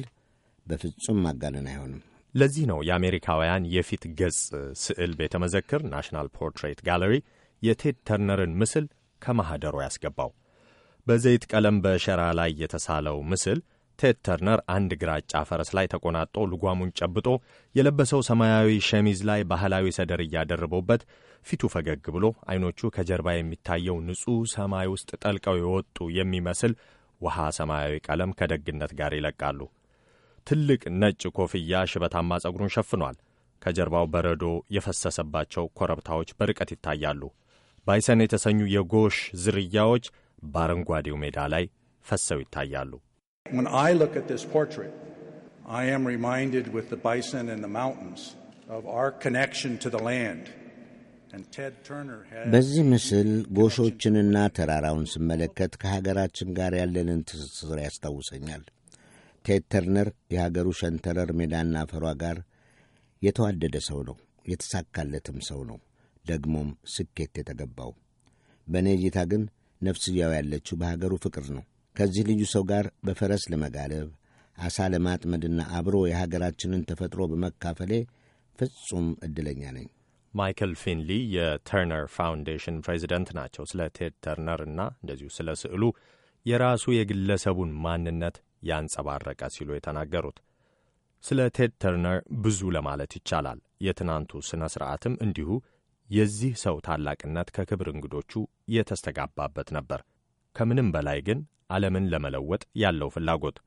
S8: በፍጹም ማጋነን
S4: አይሆንም። ለዚህ ነው የአሜሪካውያን የፊት ገጽ ስዕል ቤተ መዘክር ናሽናል ፖርትሬት ጋለሪ የቴድ ተርነርን ምስል ከማኅደሩ ያስገባው። በዘይት ቀለም በሸራ ላይ የተሳለው ምስል ቴድ ተርነር አንድ ግራጫ ፈረስ ላይ ተቆናጦ ልጓሙን ጨብጦ የለበሰው ሰማያዊ ሸሚዝ ላይ ባህላዊ ሰደርያ ደርቦበት ፊቱ ፈገግ ብሎ አይኖቹ ከጀርባ የሚታየው ንጹሕ ሰማይ ውስጥ ጠልቀው የወጡ የሚመስል ውሃ ሰማያዊ ቀለም ከደግነት ጋር ይለቃሉ። ትልቅ ነጭ ኮፍያ ሽበታማ ጸጉሩን ሸፍኗል። ከጀርባው በረዶ የፈሰሰባቸው ኮረብታዎች በርቀት ይታያሉ። ባይሰን የተሰኙ የጎሽ ዝርያዎች በአረንጓዴው ሜዳ ላይ ፈሰው ይታያሉ።
S14: በዚህ
S8: ምስል ጎሾችንና ተራራውን ስመለከት ከሀገራችን ጋር ያለንን ትስስር ያስታውሰኛል። ቴድ ተርነር የሀገሩ ሸንተረር ሜዳና አፈሯ ጋር የተዋደደ ሰው ነው። የተሳካለትም ሰው ነው። ደግሞም ስኬት የተገባው በእኔ እይታ ግን ነፍስያው ያለችው በሀገሩ ፍቅር ነው። ከዚህ ልዩ ሰው ጋር በፈረስ ለመጋለብ አሳ ለማጥመድና አብሮ የሀገራችንን ተፈጥሮ በመካፈሌ ፍጹም እድለኛ ነኝ።
S4: ማይክል ፊንሊ የተርነር ፋውንዴሽን ፕሬዚደንት ናቸው። ስለ ቴድ ተርነር እና እንደዚሁ ስለ ስዕሉ የራሱ የግለሰቡን ማንነት ያንጸባረቀ ሲሉ የተናገሩት ስለ ቴድ ተርነር ብዙ ለማለት ይቻላል። የትናንቱ ሥነ ሥርዓትም እንዲሁ የዚህ ሰው ታላቅነት ከክብር እንግዶቹ የተስተጋባበት ነበር። ከምንም በላይ ግን ዓለምን ለመለወጥ ያለው ፍላጎት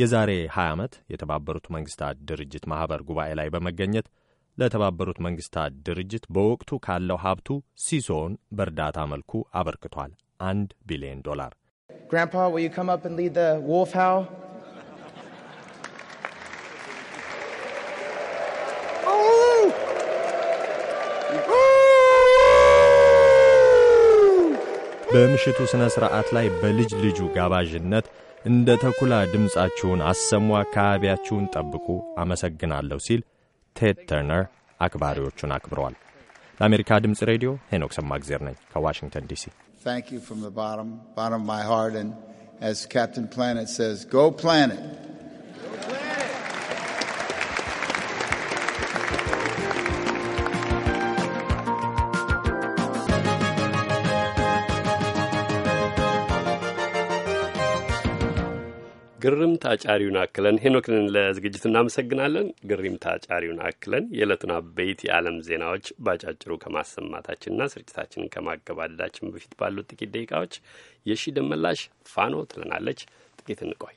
S4: የዛሬ 20 ዓመት የተባበሩት መንግሥታት ድርጅት ማኅበር ጉባኤ ላይ በመገኘት ለተባበሩት መንግሥታት ድርጅት በወቅቱ ካለው ሀብቱ ሲሶን በእርዳታ መልኩ አበርክቷል። አንድ ቢሊዮን ዶላር። በምሽቱ ሥነ ሥርዓት ላይ በልጅ ልጁ ጋባዥነት እንደ ተኩላ ድምፃችሁን አሰሙ፣ አካባቢያችሁን ጠብቁ፣ አመሰግናለሁ ሲል ቴድ ተርነር አክባሪዎቹን አክብረዋል። ለአሜሪካ ድምፅ ሬዲዮ ሄኖክ ሰማግዜር ነኝ ከዋሽንግተን ዲሲ።
S6: Thank you from the bottom, bottom of my heart. And as Captain Planet says, go planet.
S2: ግርምት አጫሪውን አክለን ሄኖክንን ለዝግጅት እናመሰግናለን። ግርምት አጫሪውን አክለን የዕለቱን አበይት የዓለም ዜናዎች ባጫጭሩ ከማሰማታችንና ስርጭታችንን ከማገባደዳችን በፊት ባሉት ጥቂት ደቂቃዎች የሺ ደመላሽ ፋኖ ትለናለች። ጥቂት እንቆይ።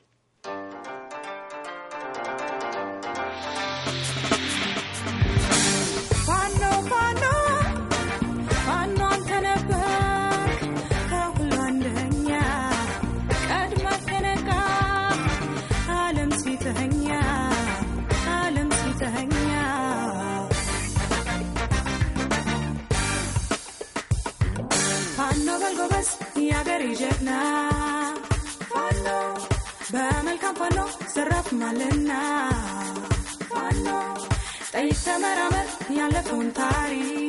S14: ሆኗልና ጠይቅ፣ ተመራመር ያለፈውን ታሪክ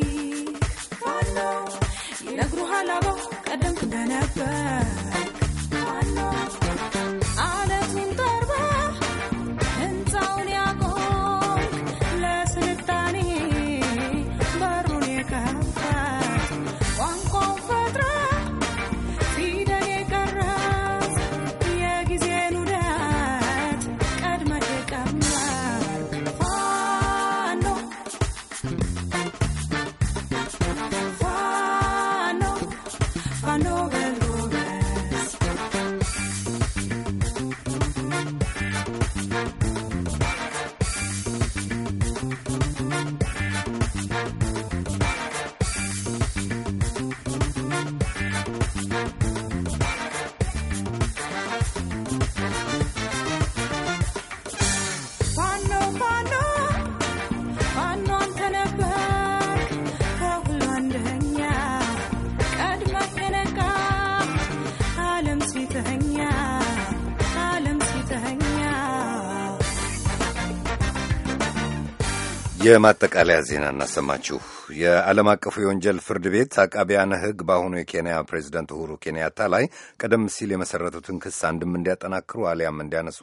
S1: የማጠቃለያ ዜና እናሰማችሁ። የዓለም አቀፉ የወንጀል ፍርድ ቤት አቃቢያነ ሕግ በአሁኑ የኬንያ ፕሬዚደንት ኡሁሩ ኬንያታ ላይ ቀደም ሲል የመሰረቱትን ክስ አንድም እንዲያጠናክሩ አሊያም እንዲያነሱ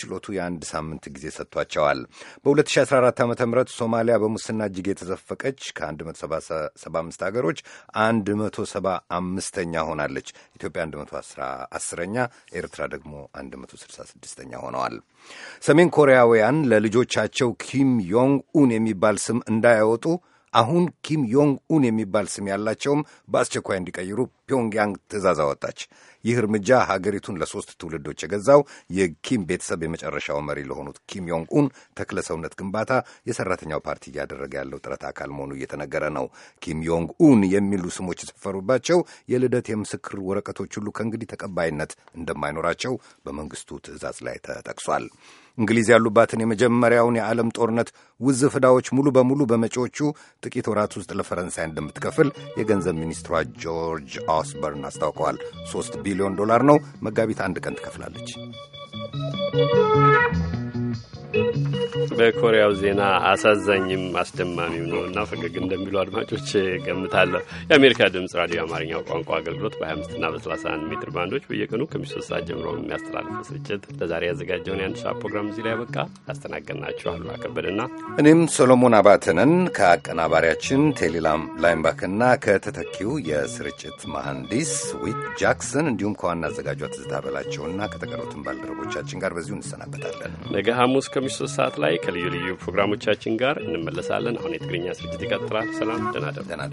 S1: ችሎቱ የአንድ ሳምንት ጊዜ ሰጥቷቸዋል። በ2014 ዓ ም ሶማሊያ በሙስና እጅግ የተዘፈቀች ከ175 ሀገሮች 175ኛ ሆናለች። ኢትዮጵያ 110ኛ፣ ኤርትራ ደግሞ 166ኛ ሆነዋል። ሰሜን ኮሪያውያን ለልጆቻቸው ኪም ዮንግ ኡን የሚባል ስም እንዳያወጡ አሁን ኪም ዮንግ ኡን የሚባል ስም ያላቸውም በአስቸኳይ እንዲቀይሩ ፒዮንግያንግ ትዕዛዝ አወጣች። ይህ እርምጃ ሀገሪቱን ለሶስት ትውልዶች የገዛው የኪም ቤተሰብ የመጨረሻው መሪ ለሆኑት ኪም ዮንግ ኡን ተክለ ሰውነት ግንባታ የሰራተኛው ፓርቲ እያደረገ ያለው ጥረት አካል መሆኑ እየተነገረ ነው። ኪም ዮንግ ኡን የሚሉ ስሞች የሰፈሩባቸው የልደት የምስክር ወረቀቶች ሁሉ ከእንግዲህ ተቀባይነት እንደማይኖራቸው በመንግስቱ ትዕዛዝ ላይ ተጠቅሷል። እንግሊዝ ያሉባትን የመጀመሪያውን የዓለም ጦርነት ውዝፍ ዕዳዎች ሙሉ በሙሉ በመጪዎቹ ጥቂት ወራት ውስጥ ለፈረንሳይ እንደምትከፍል የገንዘብ ሚኒስትሯ ጆርጅ ኦስበርን አስታውቀዋል። 3 ቢሊዮን ዶላር ነው። መጋቢት አንድ
S2: ቀን ትከፍላለች። በኮሪያው ዜና አሳዛኝም አስደማሚም ነው እና ፈገግ እንደሚሉ አድማጮች ገምታለሁ። የአሜሪካ ድምጽ ራዲዮ የአማርኛው ቋንቋ አገልግሎት በ 25 እና በ31 ሜትር ባንዶች በየቀኑ ከምሽቱ ሰዓት ጀምሮ የሚያስተላልፈው ስርጭት ለዛሬ ያዘጋጀውን የአንድ ሰዓት ፕሮግራም እዚህ ላይ ያበቃ። ያስተናገድናችሁ አሉላ ከበደና
S1: እኔም ሶሎሞን አባተነን ከአቀናባሪያችን ቴሌላም ላይምባክና ከተተኪው የስርጭት መሐንዲስ ዊት ጃክሰን እንዲሁም ከዋና አዘጋጇ ትዝታ በላቸውና
S2: ከተቀሩትን ባልደረቦቻችን ጋር በዚሁ እንሰናበታለን። ነገ ሐሙስ ከምሽቱ ሶስት ሰዓት ላይ ከልዩ ልዩ ፕሮግራሞቻችን ጋር እንመለሳለን። አሁን የትግርኛ ስርጭት ይቀጥላል። ሰላም፣ ደህና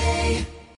S5: ደሩ።